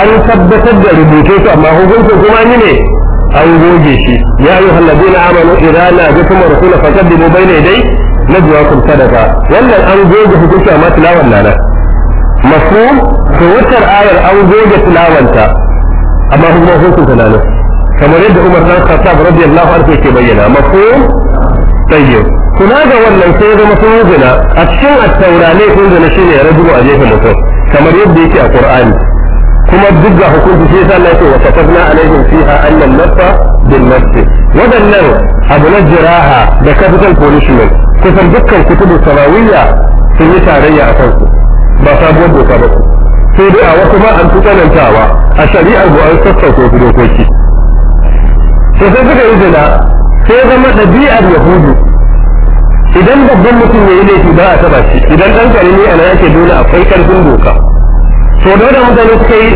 an tabbatar da rubutun su amma hukuncin kuma ni ne an goge shi ya na ladina amanu idza najakum rasula bai bayna dai na juwakun sadaka wannan an goge hukunci amma tilawar na nan mafu to wutar ayar an goge tilawanta amma hukumar hukun ta nan kamar yadda umar dan khattab radiyallahu anhu yake bayyana mafu tayyib kuna ga wannan sai zama sun a cikin at-taura ne kun gina shine a kamar yadda yake a kur'ani kuma duk ga hukunci sai sa Allah ya ce wa kafafna alaihim fiha annal nafsa bil nafsi wadannan abu na jiraha da capital punishment kusan dukkan kutubu samawiyya sun yi tarayya a kansu ba sabuwar doka ba su sai dai a wasu ma an fi tsanantawa a shari'ar mu an sassauta wasu dokoki to sai suka yi zina sai zama ɗabi'ar yahudu idan babban mutum ya yi laifi ba a taɓa shi idan ɗan ƙarami ana yake dole akwai ƙarfin doka to da wanda mutane suka yi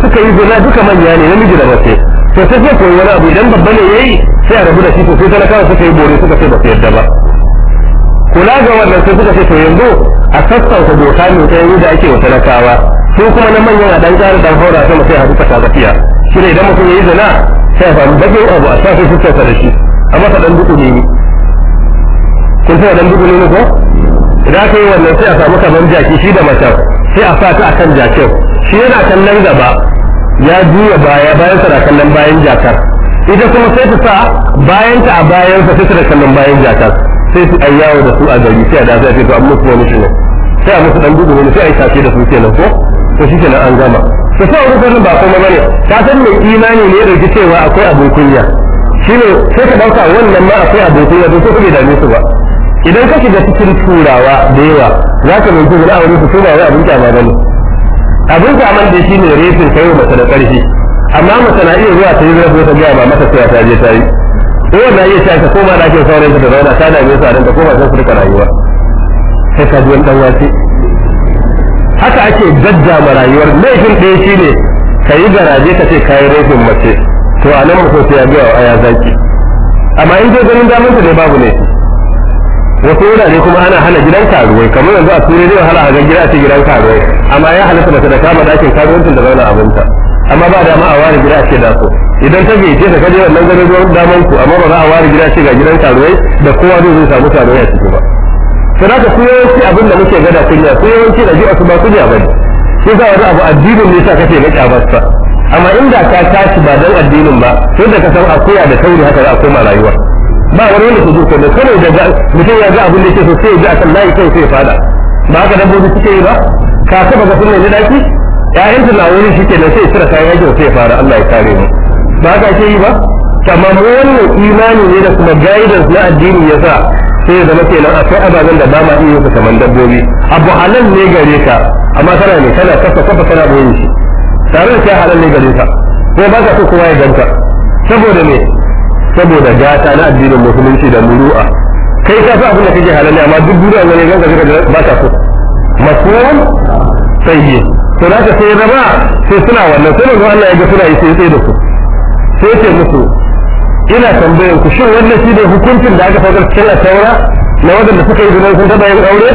suka yi zina duka manya ne namiji da mace to sai sai koyi wani abu idan babba ne ya yi sai a rabu da shi to sai talakawa suka yi bore suka sai ba su yadda ba kula ga wannan sai suka ce to yanzu a sassauta doka ne ta yi da ake wa talakawa su kuma na manyan a dan ƙara dan haura sama sai a rufa ta tafiya shi ne idan mutum ya yi zina sai a samu bagin abu a shafi fuskarsa da shi a masa dan duku ne kun tana dan duku ne ko idan aka yi wannan sai a samu kaman jaki shi da macen sai a sa ta akan jakin shi yana kallon gaba ya juya baya bayan sa na kallon bayan jakar ita kuma sai ta sa bayanta a bayansa sai ta da kallon bayan jakar sai su ai yawo da su a gari sai a da zai to amma kuma wani ne sai a musu dan gudu wani sai a yi tafi da su kenan ko ko shi kenan an gama to sai wani sanin ba kuma bane ta san mai imani ne ya ɗauki cewa akwai abin kunya ne sai ka dauka wannan ma akwai abin kunya to sai da dame su ba idan ka shiga cikin turawa da yawa za ka mai gudu a wani su ba wai abin kyama bane abin kyama da shine refin kai masa masana karfi amma masana iya zuwa ta yi zafi ta gaya ba masa sai ta je ta yi ko wanda ya sa ka koma da ke sauran da zauna ta dame su a nan ka koma sun furka rayuwa sai ka biyan dan wace haka ake gaddama rayuwar laifin ɗaya shine ka yi garaje ka ce ka yi laifin mace to a nan mutum sai ya biya wa aya zaki amma in dai ganin damanta ne babu ne wasu wurare kuma ana hana gidan karuwai kamar yanzu a turai zai wahala a ga gida ce gidan karuwai amma ya halatta mace da kama dakin karuwancin da zauna abinta amma ba dama a ware gida a ce da so idan ta gaice ta kaje wannan ganin ruwan daman ku amma ba za a ware gida ce ga gidan taruwai da kowa zai zo samu taruwai a ciki ba to da ku yawanci abin da muke gada kunya ku yawanci da jiya su ba kunya bane sai za wani abu addinin ne yasa kace ba sa amma inda ka tashi ba dan addinin ba to da ka san akuya da tauri haka za a koma rayuwa ba wani wanda su zo ko kawai da mutum ya ga abin da yake so sai ya ji kan layi kai sai ya fada ba haka dabbobi suke yi ba ka saba ga sunan ne daki ya'yan tunawo ne shi ke da sai cire tsira kayan yajin sai ya fara Allah ya kare mu ba ka ce yi ba amma mu wannan imani ne da kuma guidance na addini ya sa sai ya zama kenan akwai ababen da ba ma iya yi kamar dabbobi abu halal ne gare ka amma kana ne kana kafa kafa kana boye shi tare da kai halal ne gare ka ko ba ka so kowa ya ganka saboda me saboda gata na addinin musulunci da muru'a kai ka fi abin da kake halal ne amma duk duniya ne ganka kaga ba ka so mafhum ne to da sai raba sai suna wannan sai Allah ya ga suna yi sai sai da su sai ce musu ina tambayar ku shin wannan shi ne hukuncin da aka saukar cikin asaura na waɗanda suka yi zinar sun taɓa yin aure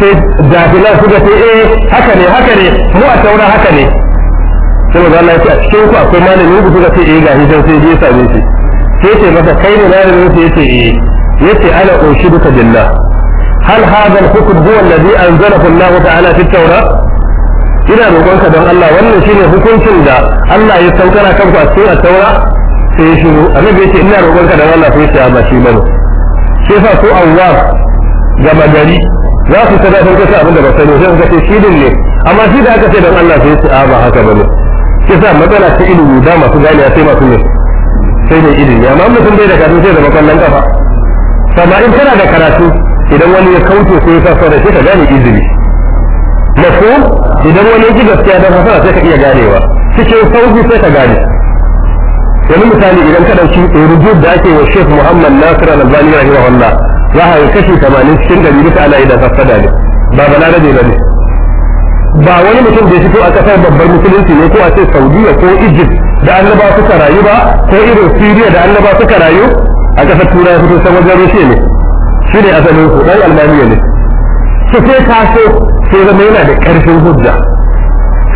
sai jahilan suka ce eh haka ne haka ne mu a saura haka ne sai maza Allah ya ce a cikin ku akwai malami ku suka ce eh ga hijan sai ya same shi sai ce masa kai ne malamin sai ya ce eh ya ce ana unshiduka billah hal hadha al-hukm huwa alladhi anzalahu Allah ta'ala fi at-taurah ina roƙonka don Allah wannan shine hukuncin da Allah ya saukara kanku a cikin al-tawara sai ya shiru annabi yace ina roƙonka don Allah sai ya ah, ba shi bane sai fa ko Allah ga gari za su tada sun kace abin da ba sani sai kace shi din ne amma shi da aka ce don Allah sai ya ah, ba haka bane sai sa matsala ta ilimi da masu gane sai masu ne sai ne ilimi amma mutum bai da karatu sai da makallan kafa sama in kana da karatu idan wani ya kauce sai ya sa da shi ka gane izini mafhum idan wani ji gaskiya da fasara sai ka iya ganewa cikin sauki sai ka gane wani misali idan ka dauki rujud da ake wa Sheikh Muhammad Nasir Al-Albani rahimahullah za a yi kashi 80 cikin dari duka ana idan fasada ne ba balarabe ba ne ba wani mutum da ya fito a kasar babbar musulunci ne ko a ce Saudiya ko Egypt da annaba suka rayu ba ko irin Syria da annaba suka rayu a kasar Turai fito san wajen Rushe ne shi ne asalin su dan Albaniya ne su sai ka so sai zama yana da ƙarfin hujja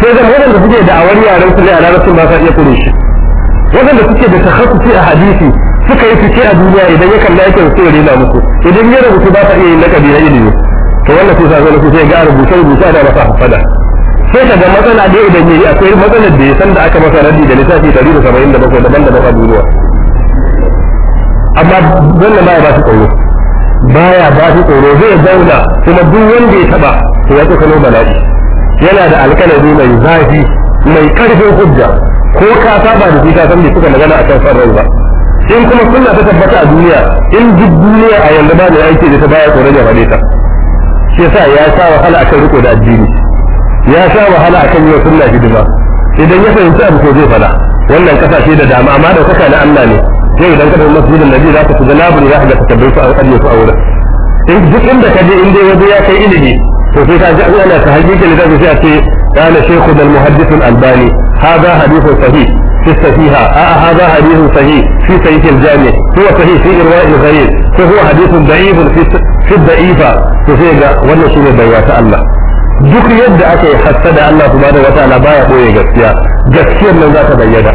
sai zama da suke da awar yaren su ne a larabcin ba sa iya kure shi waɗanda suke da takhassusi a hadisi suka yi fice a duniya idan ya kalla yake sai ya rena muku idan ya rubutu ba sa iya yin lakabi na ilimi to wannan sai sa zo sai ga rubuce rubuce da masa hafada sai ka ga matsala da idan yayi akwai matsalar da ya san da aka masa raddi da littafi 177 daban-daban a duniya amma wannan baya ba shi tsoro baya ba shi tsoro zai zauna kuma duk wanda ya taba to ya kano bala'i yana da alƙalami mai zafi mai karfin hujja ko ka saba da shi ka san bai suka magana a kan rai ba in kuma suna ta tabbata a duniya in duk duniya a yanzu ba da ya da ta baya tsoron ya faɗe ta shi yasa ya sha wahala akan riko da addini ya sa wahala akan yi wa sunna hidima idan ya fahimci abu ko zai faɗa wannan kasashe da dama amma da kasa na Allah ne sai idan ka tafi masjidin nabi za ka shiga laburi za ka ga takardun su su a wurin in duk inda ka je in dai waje ya kai ilimi to sai ka ji an ana ta hakika ne zaka a ce kana shaykhu al muhaddith al albani hadha hadith sahih fi sahiha a hadha hadith sahih fi sahih al jami huwa sahih fi irwa al ghaib ko huwa hadith da'if fi fi da'ifa to sai ga wannan shine baiwa ta Allah duk yadda aka yi hassada Allah subhanahu wataala baya boye gaskiya gaskiyar nan za ta bayyana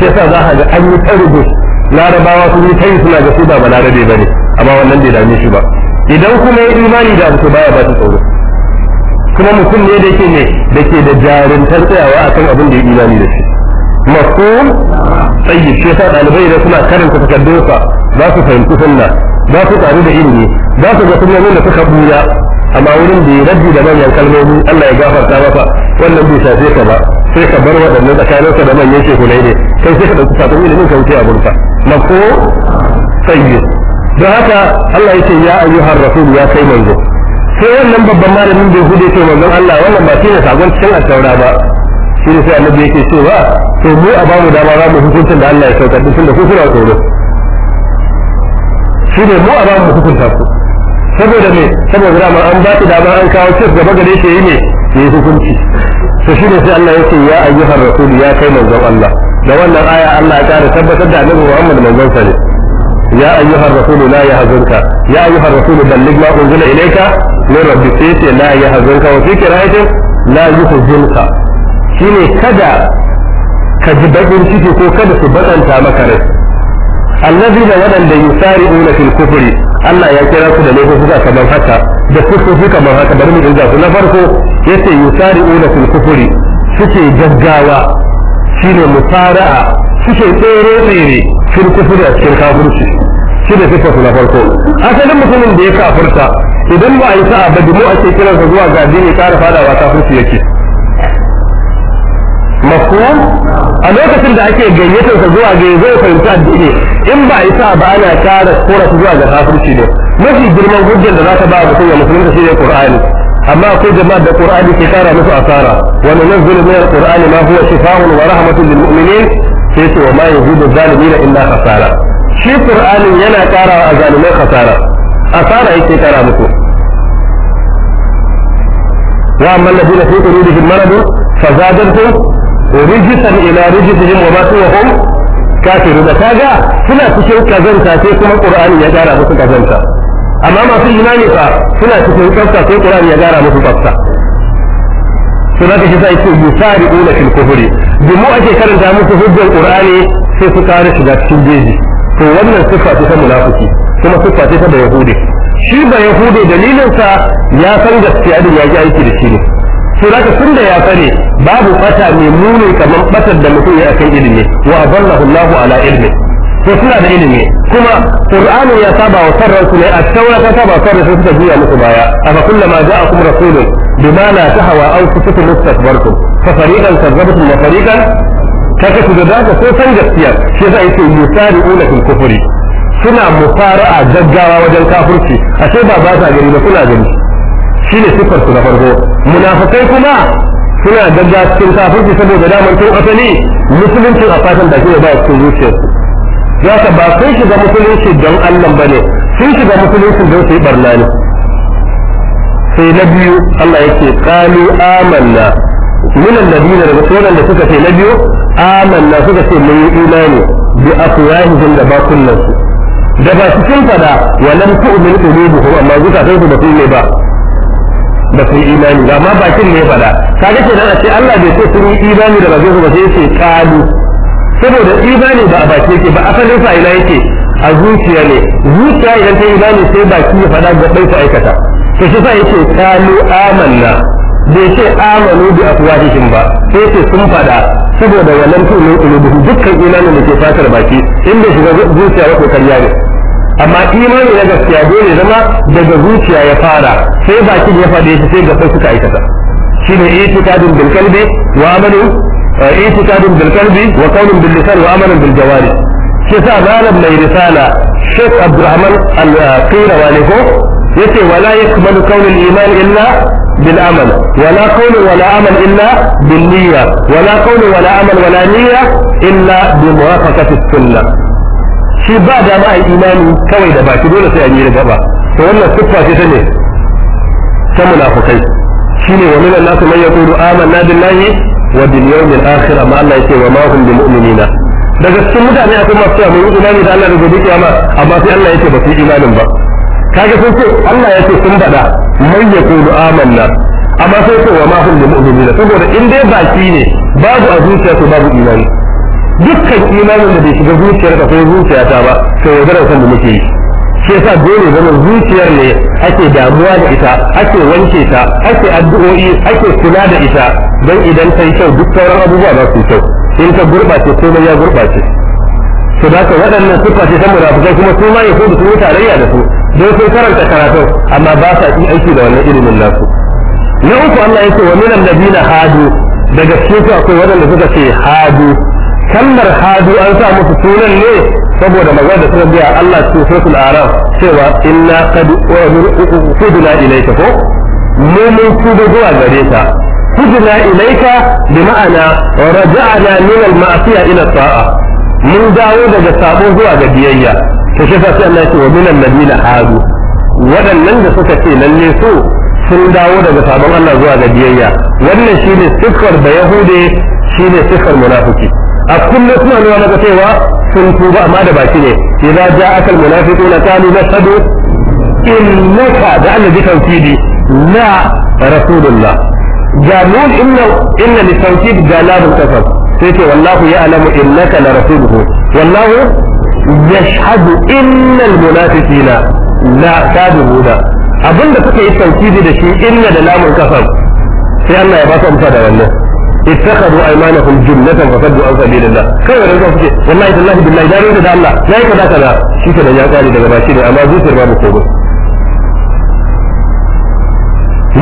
shi yasa za ka ga an yi tarbu larabawa sun yi tayi suna ga su ba balarabe bane amma wannan bai dame shi ba idan kuma ya imani da abu baya ba su tsoro kuma mutum ne da ke ne da ke da jarin tsayawa akan abin da ya imani da shi mafhum tsayi shi yasa dalibai da suna karanta takardunsa za su fahimci sunna za su karu da ilimi za su ga sunnonin da suka buya amma wurin da ya rabbi da manyan kalmomi Allah ya gafarta masa wannan bai shafe ka ba sai ka bar waɗannan tsakaninsa da manyan shekunai ne kai sai ka ɗauki sakon ilimin ka wuce abinka mafhum tsayi don haka Allah yake ya ayyuhar rasul ya kai manzo sai wannan babban malamin bai hude ce manzon Allah wannan ba shi ne sakon cikin al ba shi ne sai annabi yake cewa to mu a bamu dama za mu hukuncin da Allah ya saukar da tunda ku kuna tsoro shi ne mu a bamu hukunta ku saboda me saboda dama an ba dama an kawo cif gaba gare shi ne ne yi hukunci to shi ne sai Allah ya ce ya ayyuhar rasul ya kai manzon Allah da wannan aya Allah ya kara tabbatar da annabi Muhammad manzon sa ne ya ayyuhar rasul la yahzunka ya ayyuhar rasul balligh ma unzila ilayka min rabbi sai ce la yahzunka wa fi qira'atin la yuhzunka shine kada ka ji bakin ciki ko kada su bakanta maka rai allazi da waɗanda yusari'una fil kufri Allah ya kira su da laifin laifuka kamar haka da kufufi kamar haka bari mu inda su na farko yace yusari'una fil kufri suke gaggawa shine musara'a suke tsere tsere fil kufri a cikin kafirci shi da su na farko asalin mutumin da ya kafirta idan ba a yi sa'a ba dumu ake kiransa zuwa ga fada ba fadawa kafirci yake mafhum a lokacin da ake gayyatar sa zuwa ga zai fahimci addini in ba a yi sa'a ba ana kara kora zuwa ga kafirci ne mafi girman hujjar da za ta ba mutum ya musulunta shine qur'ani amma akwai jama'a da qur'ani ke kara musu asara wa nunzilu min qurani ma huwa shifaa'un wa rahmatun lil mu'minin sai ce wa ma yazidu zalimin illa khasara shi qur'anin yana kara a zalimai khasara asara yake tara muku wa amma alladhina fi qulubihim fa fazadatuhum rijsan ila rijsihim wa matu wa hum kafiruna kaga suna cikin kazanta sai kuma qur'ani ya gara musu kazanta amma masu imani fa suna cikin tsafta sai qur'ani ya gara musu tsafta sun haka shi sa yusari yusari'una fil kufri dumu ake karanta musu hujjar qur'ani sai su kare shiga cikin jeji to wannan sifa ta munafiki kuma siffa ce ta da yahudi shi ba yahudi dalilinsa ya san gaskiya din ya ji aiki da shi ne to zaka tun da ya sani babu fata mai muni kamar batar da mutum ya akan ilimi wa aballahu Allahu ala ilmi to suna da ilimi kuma qur'ani ya saba wa sarran ne a taura ta saba sarran su suka juya musu baya afa kullama ja'akum rasulun bima la tahwa anfusukum istakbartum fa fariqan kadzabtum wa fariqan kaga su da zaka so san gaskiya shi yasa yake yusari'una fil kufuri. suna mufara'a gaggawa wajen kafirci ashe ba ba sa gani ba suna gani shine sifar su na farko munafikai kuma suna gaggawa cikin kafirci saboda daman tun asali musuluncin a fatan da kuma ba su zuciya ya ka ba sun shiga musulunci don Allah bane sun shiga musulunci don su yi barna ne sai na biyu Allah yake kalu amanna biyu na daga sauran da suka sai na biyu amanna suka sai mun yi imani bi afwahihim da bakunnansu da ba su sun fada walam tu'min qulubuhum amma zukatan su ba su ne ba da su imani ba amma bakin ne fada kaga kenan a ce Allah bai ce sun yi imani da bakin su ba sai ce kalu saboda imani ba a baki yake ba asalin sa ina yake a zuciya ne zuciya idan ta imani sai baki ya fada gaban su aikata to shi sai ce kalu amanna bai ce amanu bi afwahihim ba sai ce sun fada saboda walam tu'minu qulubuhum dukkan imanin da ke fatar baki in bai shiga zuciya ba ko karya ne amma imani na gaskiya dole zama daga zuciya ya fara sai baki ya fade shi sai gaba suka aikata shine itikadun bil qalbi wa amalu eh, itikadun bil qalbi wa qawlun bil lisan wa amalun bil jawari shi sa malam mai risala Sheikh Abdulrahman Al-Qirawani ko yace wala yakmalu qawlul iman illa بالامل ولا قول ولا امل الا بالنية ولا قول ولا امل ولا نية الا بموافقة السنة شي بعد ما الايمان كوي دبا شي دولة يعني ربا فولا السفة شي سنة كم نافقين شيني ومن الناس من يقول آمنا بالله وباليوم الآخر أما الله يسير وما هم بالمؤمنين لقد سمد أن يكون مفتوح من إيمان إذا الله رجل بك أما في الله يسير بك إيمان بك kaga sun ce Allah ya ce sun faɗa man yaqulu amanna amma sai ce wa ma hum bil mu'minina saboda in dai baki ne babu a zuciya to babu imani dukkan imanin da bai shiga zuciyar ka sai zuciya ta ba to gara san da muke yi shi yasa dole zama zuciyar ne ake damuwa da ita ake wanke ta ake addu'o'i ake kula da ita don idan ta yi kyau duk sauran abubuwa ba su kyau in ta gurɓace komai ya gurɓace su da waɗannan siffa ce ta munafukai kuma su ya so da sun yi tarayya da su don sun karanta karatu amma ba sa yi aiki da wannan ilimin nasu na uku Allah ya ce wa minan nabina hadu daga cikin su akwai waɗanda suka ce hadu kalmar hadu an sa musu sunan ne saboda magana da suka biya Allah ce suratul araf cewa inna qad qudna ilayka ko mu mun kudo zuwa gare ka qudna ilayka bi ma'ana raja'na min al-ma'siyah ila ta'a mun dawo daga sabo zuwa ga biyayya to shi sai Allah ya ce wa minan ladina hadu waɗannan da suka ce lalle su sun dawo daga sabon Allah zuwa ga biyayya wannan shine siffar da yahude shine siffar munafiki a kullum suna nuna maka cewa sun tuba amma da baki ne idza ja'aka almunafiquna qalu nashhadu innaka da allazi tawkidi la rasulullah جامون إن إن للتوكيد جلاب الكفر سيتي والله يعلم إنك لرسوله wallahu. yashhadu innal munafiqina la kadibuna abinda suka yi tauhidi da shi inna da lamun kasam sai Allah ya ba su amsa da wannan ittakhadu aymanahum jumlatan fa saddu an sabilillah kai wannan zai fice wallahi billahi billahi da rinda da Allah yayi kaza kaza shi ke da ya kare daga bashi ne amma zuciyar ba babu kogo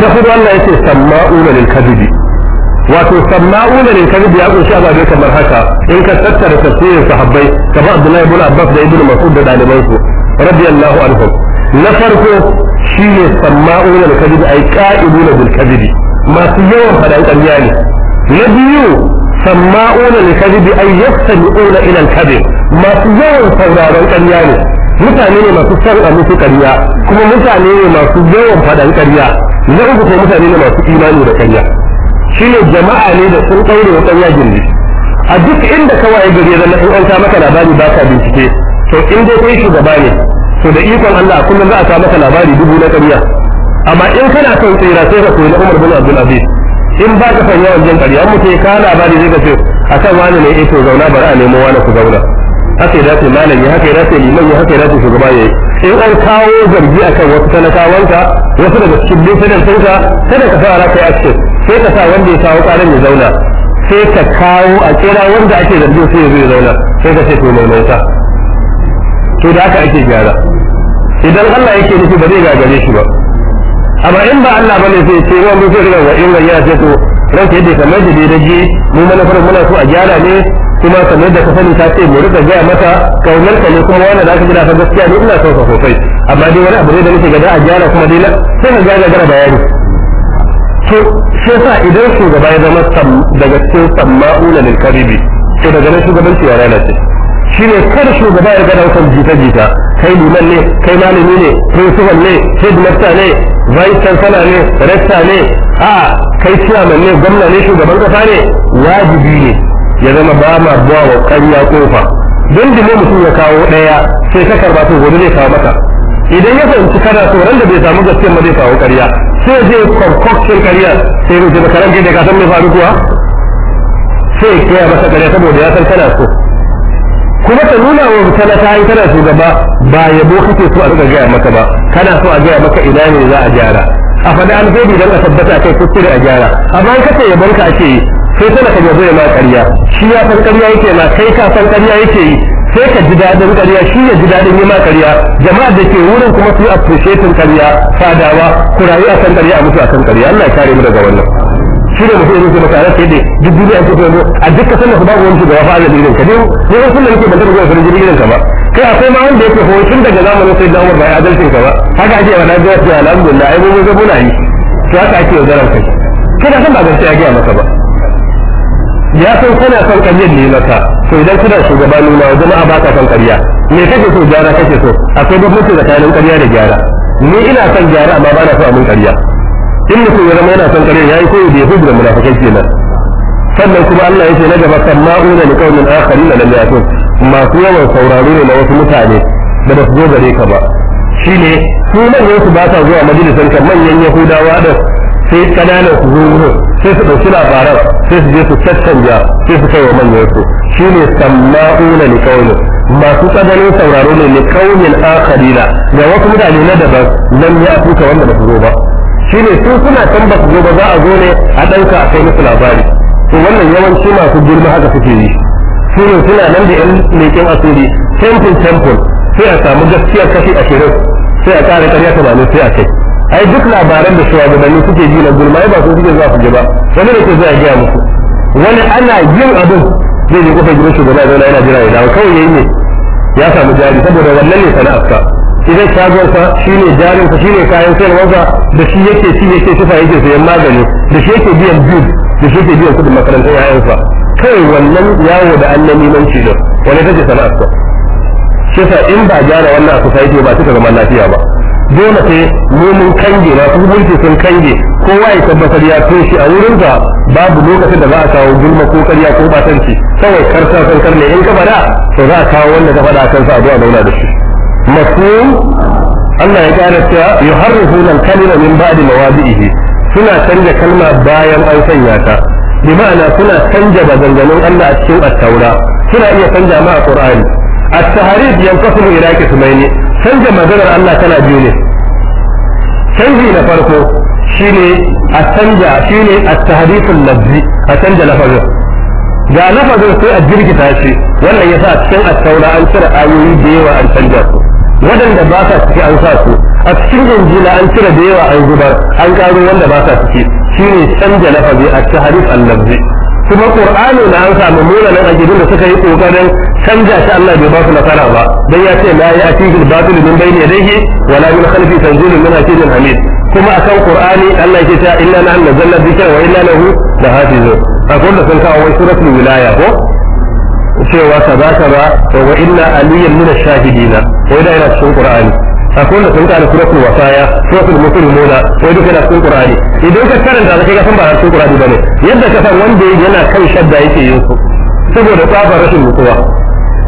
na hudu Allah yake samma'una lil kadibi wato sama'una ne ka rubuta ya kunshi ababe kamar haka in ka tattara tafsirin sahabbai ba Abdullahi ibn Abbas da Ibn Mas'ud da daliban su radiyallahu anhum na farko shine sama'una ka rubuta ai qa'iduna bil kadhibi masu yawan fadan ƙarya ne na biyu sama'una ka rubuta ai yastami'una ila al kadhib masu yawan sauraron ƙarya ne mutane ne masu son a musu kariya kuma mutane ne masu yawan fadan kariya na uku ko mutane ne masu imani da kariya. shine jama'a ne da sun ɗaure wa ɗanya gindi a duk inda ka waye gari zama in an maka labari ba ka bincike to in dai kai shugaba ne to da ikon Allah kullum za a ka maka labari dubu na ƙarya amma in kana son tsira sai ka koyi Umar bin Abdul Aziz in ba ka son yawan jin ƙarya mu ya ka labari zai ka ce kan wani ne eh zauna bari a nemo wani ku zauna haka ya dace malam ya haka ya dace liman ya haka ya dace shugaba ya yi in an kawo zargi akan wasu talakawanka wasu daga cikin dinsunan ka kada ka fara kai cikin. sai ka sa wanda ya kawo karan ya zauna sai ka kawo a ƙera wanda ake zargi sai ya zo ya zauna sai ka ce to mai to da haka ake gyara idan Allah yake nufi ba zai gagare shi ba amma in ba Allah bane sai ce ruwan mun ya wa in ya ce to ran sai dai kamar da dai daji mu fara muna so a gyara ne kuma kamar da ka sani ta ce mu rika gaya mata kaunar ka ne kuma wanda za ka gina fa gaskiya ne ina son ka sosai amma dai wani abu ne da nake gada a gyara kuma dai sai ka gyara gara bayani to shi yasa idan shugaba ya zama daga cikin samma'una lil karibi to daga nan shugabanci ya shi ne kada shugaba ya gada wasan jita-jita kai liman ne kai malami ne principal ne headmaster ne vice chancellor ne rector ne a kai chairman ne gwamna ne shugaban kasa ne wajibi ne ya zama ba ma buwa wa karya kofa don dole mutum ya kawo ɗaya sai ka karba to gobe zai kawo maka idan ya fahimci kana so ran da bai samu gaskiyar ma zai kawo karya. sai zai kwamfafin kariya sai zai ba karan da gasar mai faru kuwa sai ya masa kariya saboda ya san tana so kuma ta nuna wa tana ta tana gaba ba ya bo kake so a riga gaya maka ba kana so a gaya maka ina ne za a gyara a faɗi alheri don a tabbata kai kuskure a gyara amma in kace ya ka ake yi sai tana ka yabo ya ma kariya shi ya san kariya yake ma kai ka san kariya yake yi sai ka ji daɗin ƙarya shi ya ji daɗin yi ma ƙarya jama'a da ke wurin kuma su appreciation ƙarya fadawa ku rayu kan ƙarya a mutu kan ƙarya Allah ya kare mu daga wannan shi ne mutum yake masa sai dai duk duniya ta fito a duk kasan da babu wani shugaba fa'ala da irin ka ne ne wasu da yake bantar zuwa farin irin ka ba kai akwai ma wanda yake tun daga zamanin sai da Umar bai adalcin ka ba haka ake wa Najeriya alhamdulillah ai mun ga muna yi to haka ake yaudaran kai kai da san ba gaskiya ga maka ba ya san kana son ƙaryar ne maka to idan kana shugaba nuna wa jama'a ba ka son ƙarya me kake so gyara kake so akwai bambanci tsakanin ƙarya da gyara ni ina son gyara amma ba na so amin ƙarya in mutum ya zama yana son ƙarya yayi koyi da yahudu da munafikai kenan sannan kuma Allah ya ce na gaba kan ma'una li qaumin akharin lam yatun masu yawan sauraro ne na wasu mutane da ba su zo gare ka ba shine su manyan su ba sa zuwa majalisan kan manyan yahudawa da sai kananan su zuwa sai su ɗauki labaran sai su je su caccanja sai su kai wa manyan su shi ne sama'una ni kaunin masu tsananin sauraro ne ni kaunin akarina ga wasu mutane na daban nan ya tuka wanda ba su zo ba shi ne su suna can ba zo ba za a zo ne a ɗauka a kai musu labari to wannan yawanci masu girma haka suke yi shi ne suna nan da 'yan leƙen asiri temple temple sai a samu gaskiyar kashi ashirin sai a ƙara ƙarya tamanin sai a kai ai duk labaran da shugabanni suke ji na gulma ba su suke zuwa su ji ba wani da ke zuwa ya gaya musu wani ana yin abin zai je kofar gidan shugaba ya zauna yana jira ya dawo kawai yayi ne ya samu jari saboda wannan ne ka idan shagonsa shine jarinsa shine kayan wanda da shi yake shi yake sifa yake sayan magani da shi yake biyan bill da shi yake biyan kudin makarantar 'ya'yansa kai wannan yawo da annan limanci ne wani take sana'arsa shi in ba gyara wannan a society ba kika zama lafiya ba dole sai mu kange masu hukunci sun kange kowa ya tabbatar ya shi a wurin ka babu lokacin da za a kawo gulma ko karya ko batanci kawai karsa san karne in ka fada to za a kawo wanda ka fada kansa a zuwa zauna da shi mafhum Allah ya kara cewa yuharrifuna al-kalima min ba'di mawadihi suna canja kalma bayan an sanya ta bi ma'ana suna canja maganganun Allah a cikin at-taura suna iya canja ma a Qur'ani at-tahrif yanqasimu ila kismaini canza maganar Allah tana biyu ne canji na farko shi ne a canja shi ne a tahadifin lafzi a canja lafazin ga lafazin sai a jirgita shi wannan ya yasa cikin at an cire ayoyi da yawa an canja su waɗanda ba sa ciki an sa su a cikin na an cire da yawa an zubar an karo wanda ba sa ciki ne canja lafazi a tahdith al-lafzi kuma ƙur'ani na an samu munanan ajibin da suka yi ƙoƙarin kan canja shi Allah bai ba su nasara ba dan ya ce la ya'tihi al-batil min bayni yadayhi wa la min khalfi tanzilun min hakimin hamid kuma akan qur'ani Allah yake cewa inna nahnu nazzalna dhikra wa inna lahu a akwai da sun kawo wai suratul wilaya ko cewa kaza kaza wa inna aliyyan min ash-shahidina wai da yana cikin qur'ani akwai da sun kawo suratul wasaya suratul muslimuna ko duka yana cikin qur'ani idan ka karanta zaka ga sun ba cikin qur'ani bane yadda ka san wanda yana kan shadda yake yin su saboda tsafa rashin mutuwa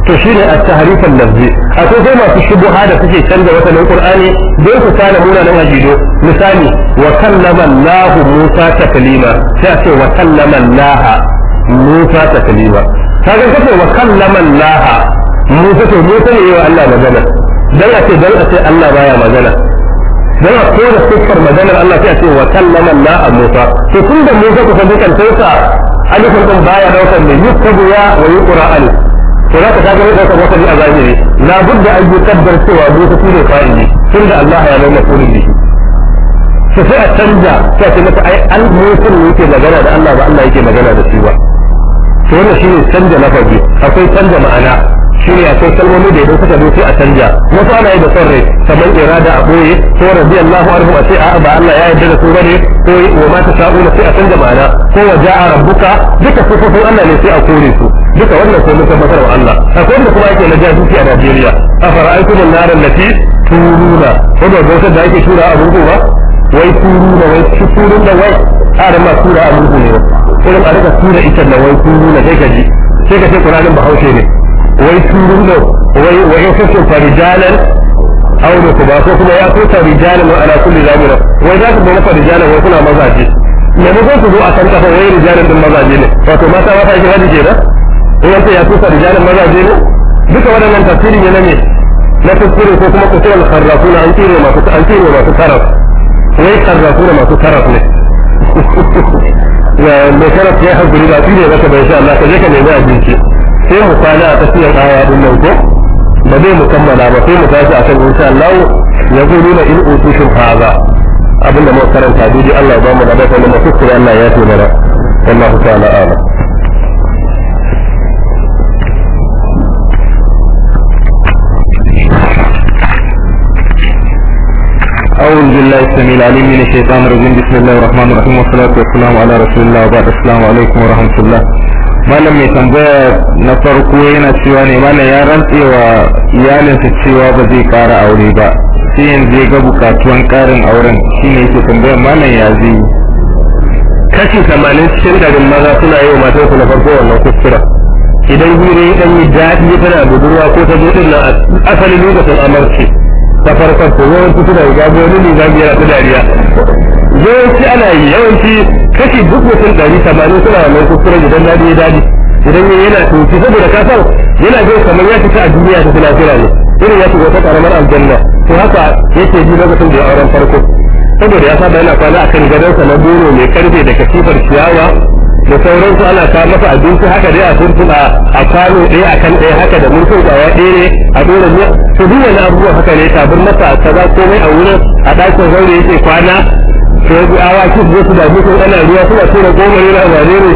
to shi ne a tahrifan lafzi akwai sai masu shubuha da suke canza wata nan qur'ani don su kana muna nan ajido misali wa kallama Allah Musa taklima sai a ce wa kallama Allah Musa taklima kaga kace wa kallama Allah Musa to Musa ne yawa Allah magana dan a ce dan a ce Allah baya magana dan a ko da sukar maganar Allah sai a ce wa kallama Allah Musa to tunda Musa kusa dukan sai sa alifin din baya daukar ne yukabu ya wa yuqra alif to za ka ta gani ɗaukar wata a zahiri labudda an yi kaddar cewa musa shi ne fa'ili tun da Allah ya nuna kurin da su sai a canja sai ce masa ai an musa ne yake magana da Allah ba Allah yake magana da su ba to wannan shi ne canja lafazi akwai canja ma'ana shi ne akwai kalmomi da idan suka zo sai a canja wasu ana yi da son rai kamar irada a ɓoye ko radiyallahu anhu a ce a'a ba Allah ya yarda da su bane ko wa ma ta sha'una sai a canja ma'ana ko wa ja'a rabbuka duka sufufin Allah ne sai a kore su duka wannan sai mun tabbatar wa Allah akwai wanda kuma yake na jasusi a Najeriya a fara'aikum an da allati turuna ko wanda wata da ake tura a rubu ba wai turuna wai turuna wai a da ma tura a rubu ne irin a rika tura ita da wai turuna kai ka ji sai ka ce Qur'anin Bahaushe ne wai turun turuna wai wai sai farijalan aure ku ba ko kuma ya ko farijalan ala kulli zamira wai za ku ga farijalan wai kuna mazaje ne ko ku zo a kan kafa wai rijalan din mazaje ne wato mata ba ta yi hadi kenan ya wanda ya tusa rijalan mazaje ne duka waɗannan tafsiri ne na me na tafsiri ko kuma kutuwal kharrafuna an kire masu an kire masu taraf wai kharrafuna masu taraf ne mai taraf ya hakuri ba tire zaka bai sha Allah ka je ka nemi abinci sai mu kwana a tafiyar aya din nan ko ba zai mu kammala ba sai mu tashi a kan insha Allah ya gudu na in utushin haza abinda mu karanta dai Allah ba mu da ba kuma mu kuskure Allah ya tunara والله تعالى اعلم أعوذ بالله السميع العليم من الشيطان الرجيم بسم الله الرحمن الرحيم والصلاة والسلام على رسول الله وبعد السلام عليكم ورحمة الله malam mai tambaya na farko yana cewa ne malam ya rantsewa iyalinsa cewa ba zai kara aure ba sai yanzu ya ga bukatuwan karin auren shine yake tambayar malam ya zai kashi tamanin cikin garin maza suna yi wa matansu na farko wannan kuskura idan hira ya dan yi daɗi tana budurwa ko ta zo din asalin lokacin ta farkon to yawanci suna yi gabi wani ne gabi yana ta dariya yawanci ana yi yawanci kashi duk mutum ɗari tamanin suna wannan kuskuren idan na ya daɗi idan ya yana ɗauki saboda ka san yana jin kamar ya fita a duniya ta filafila ne irin ya shiga wata ƙaramar aljanna to haka yake ji lokacin da ya auren farko saboda ya saba yana kwana kan gadonsa na goro mai karfe da katifar ciyawa da sauransu ana ta masa abinci haka dai a kurkuna a kano ɗaya kan ɗaya haka da mulkin gawa ɗaya ne a ɗora ne su duk wani abubuwa haka ne tabir masa kaza komai a wurin a ɗakin zaure yake kwana bi awa ki zo su dami su ana ruwa suna tura goma ne na wane ne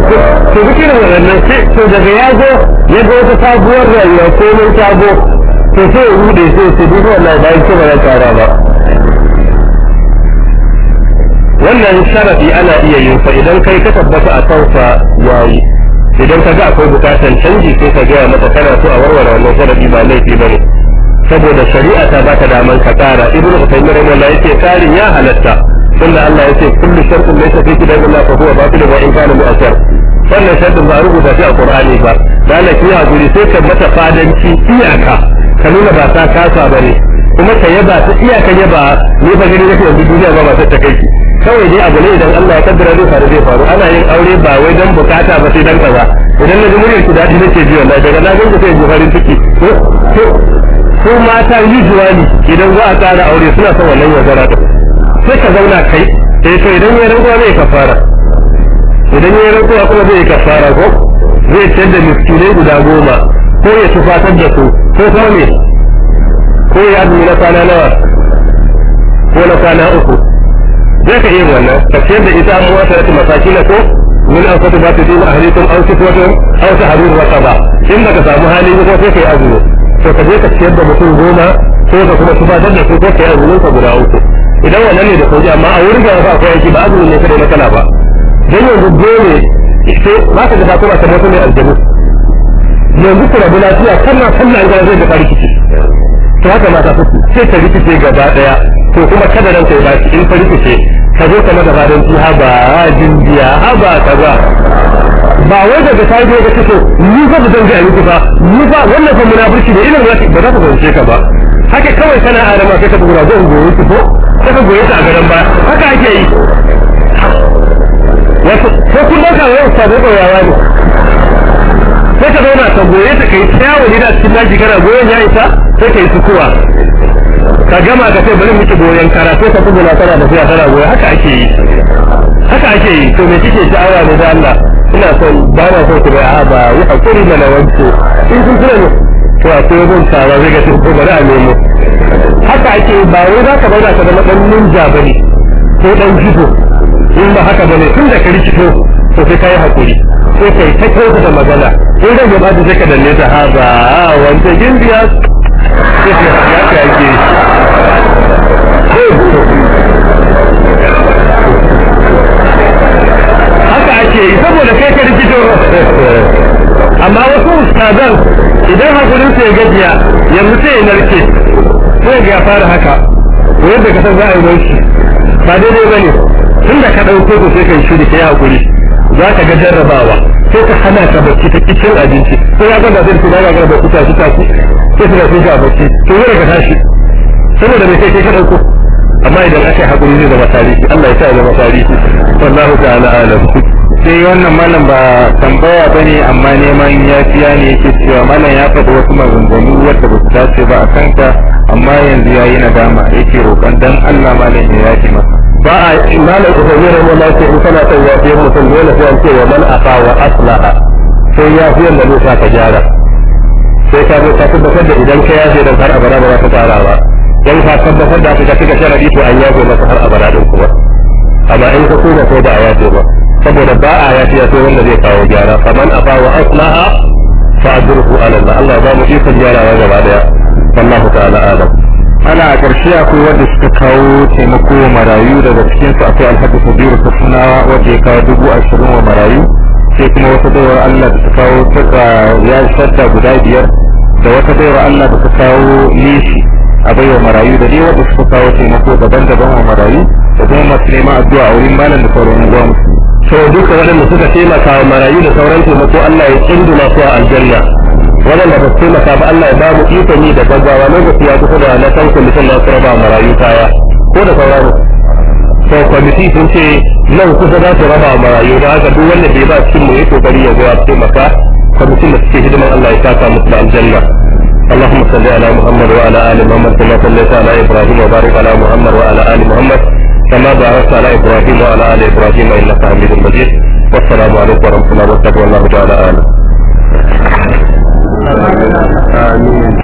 kira duk irin waɗannan to daga ya zo ya zo ta sabuwar rayuwa komai sabo to sai ya rude sai su duk wannan bayan ce ba na tsara ba wannan sharafi ana iya yin sa idan kai ka tabbata a kansa yayi idan ka ga akwai bukatan canji sai ka gaya mata kana so a warware wannan sharafi ba laifi bane saboda shari'a ta baka daman ka tsara ibnu usaymin rahimahullah yake tsarin ya halatta tunda Allah yake kullu shartun laysa fi kitabillah fa huwa batil wa in kana mu'assar wannan shartin ba a rubuta shi a qur'ani ba lalaki ya guri sai ka mata fadanci iyaka ka ba ta kasa bane kuma ta yaba ta iyakan yaba ne ba gani nake yanzu duniya ba ba ta take kawai dai abu ne idan Allah ya kaddara zai faru zai faru ana yin aure ba wai dan bukata ba sai dan kaza idan na ji muryar ki dadi nake ji wallahi daga na ganku sai ji farin ciki ko ko mata yi juwali idan za a tsara aure suna son wannan yazara da sai ka zauna kai sai eh sai idan ya rantsuwa zai fara idan ya rantsuwa kuma zai fara ko zai ciyar da miskinai guda goma ko ya tufatar da su ko kuma ne ko ya azumi na kwana nawa ko na kwana uku zai ka iya wannan ka ce da ita mu wata ta masaki na ko min an fata ba ta a dina ahlikum aw sifatan aw tahrur wa qada in baka samu hali ko sai kai azumi to ka je ka ciyar da mutum goma ko ka kuma tufatar da su ko kai azumin ka guda uku idan wannan ne da sauki amma a wurin da akwai aiki ba azumin ne kada matsala ba dan yanzu dole ce ba ka da ba ta mutum ne aljanu yanzu kula da lafiya kana sannan an ga zai da farki to haka mata uku sai ka rikice gaba daya to kuma kada ran sai baki in ka rikice ka zo ka mata fadan tuha ba jinjiya haba kaza ba Ba wai daga ta ga kace to ni fa bazan ga yanku ba ni ba wannan fa munafurci da irin wata ba za ta zance ka ba haka kawai kana Adama sai ka gura zo goyi ki ko sai ka goyi ta a garan ba haka ake yi wato ko kun dauka sabo ustadai yawa ne sai ka zauna ka goye ta kai ta yawo gida cikin daji kana goyon ya isa sai ka yi sukuwa ka gama ka ce bari miki goyon kara sai ka tsuguna tana da fiya tana goye haka ake yi haka ake yi to me kike sha'awa ne da Allah ina son ba na so ku da a ba yi hakuri mana wanke in kun kira ne to mun ta tsara zai ga tun ko bari a nemo haka ake yi ba wai za ka zauna ka zama dan ninja bane ko dan jibo in ba haka bane tun da ka rikito to sai ka yi hakuri sai kai ta kyauta da magana sai rage gaba da zaka danne ta haza wanda gindiya sai ya ka yake haka ake yi saboda kai ka rikito amma wasu ustazan idan hakurin sai gajiya yanzu sai ya narke sai ga fara haka ko yadda ka san za a yi wanki ba daidai ba ne tun da ka ɗauko ku sai kai yi shiri ka yi hakuri za ka ga jarrabawa sai ka hana ka bacci ta kicin abinci sai ya gaba zai kuma ya gaba bacci ta shi ta ku sai ka sai ka bacci to yau ka tashi saboda me kai kai ka dauko amma idan aka yi hakuri zai zama tarihi Allah ya sa ya zama tarihi wallahu ta'ala alam sai wannan malam ba tambaya ba ne amma neman yafiya ne yake cewa malam ya faɗi wasu maganganu wadda ba su dace ba a kanka amma yanzu ya yi nadama yake roƙon dan Allah malam ya yafi masa ba a malam usaimi rahimah Allah ce in kana son yafiyar mutum dole sai an ce wa man afa wa aslaha sai ya fiye da zai ka gyara sai ka zo ka tabbatar da idan ka yafe don har abada ba za ka tara ba dan ka tabbatar da ka cika sharadi to an yafe maka har abada din kuma amma in ka kuma ko da a yafe ba saboda ba a yafiya sai wanda zai kawo gyara faman afa wa aslaha fa ajruhu ala Allah Allah ba mu ikon gyarawa gaba daya والله تعالى اعلم ana a ƙarshe akwai wanda suka kawo taimako wa marayu daga cikinsu akwai alhaji kabiru safuna wanda ya kawo dubu ashirin wa marayu sai kuma wata dawar allah da ta kawo ta ya shadda guda biyar da wata dawar allah da ta kawo nishi a baiwa marayu da dai wanda suka kawo taimako daban-daban wa marayu da kuma masu neman addu'a a wurin malam da sauran uwa musu. to duka waɗanda suka taimaka wa marayu da sauran taimako allah ya tsinduma su a aljanna waɗanda ba su taimaka ba Allah ya ba mu ikon yi da gaggawa lokaci ya kusa da na san kwamitin na kuma ba marayu kaya ko da sauran to kwamiti sun ce nan kusa za su raba marayu da haka duk wanda bai ba cikin mu ya kokari ya zo a taimaka kwamitin da suke hidiman Allah ya saka musu da aljanna اللهم صل على محمد وعلى ال محمد كما صليت على ابراهيم وبارك على محمد وعلى محمد كما باركت على وعلى حميد مجيد والسلام عليكم الله وبركاته والله تعالى amin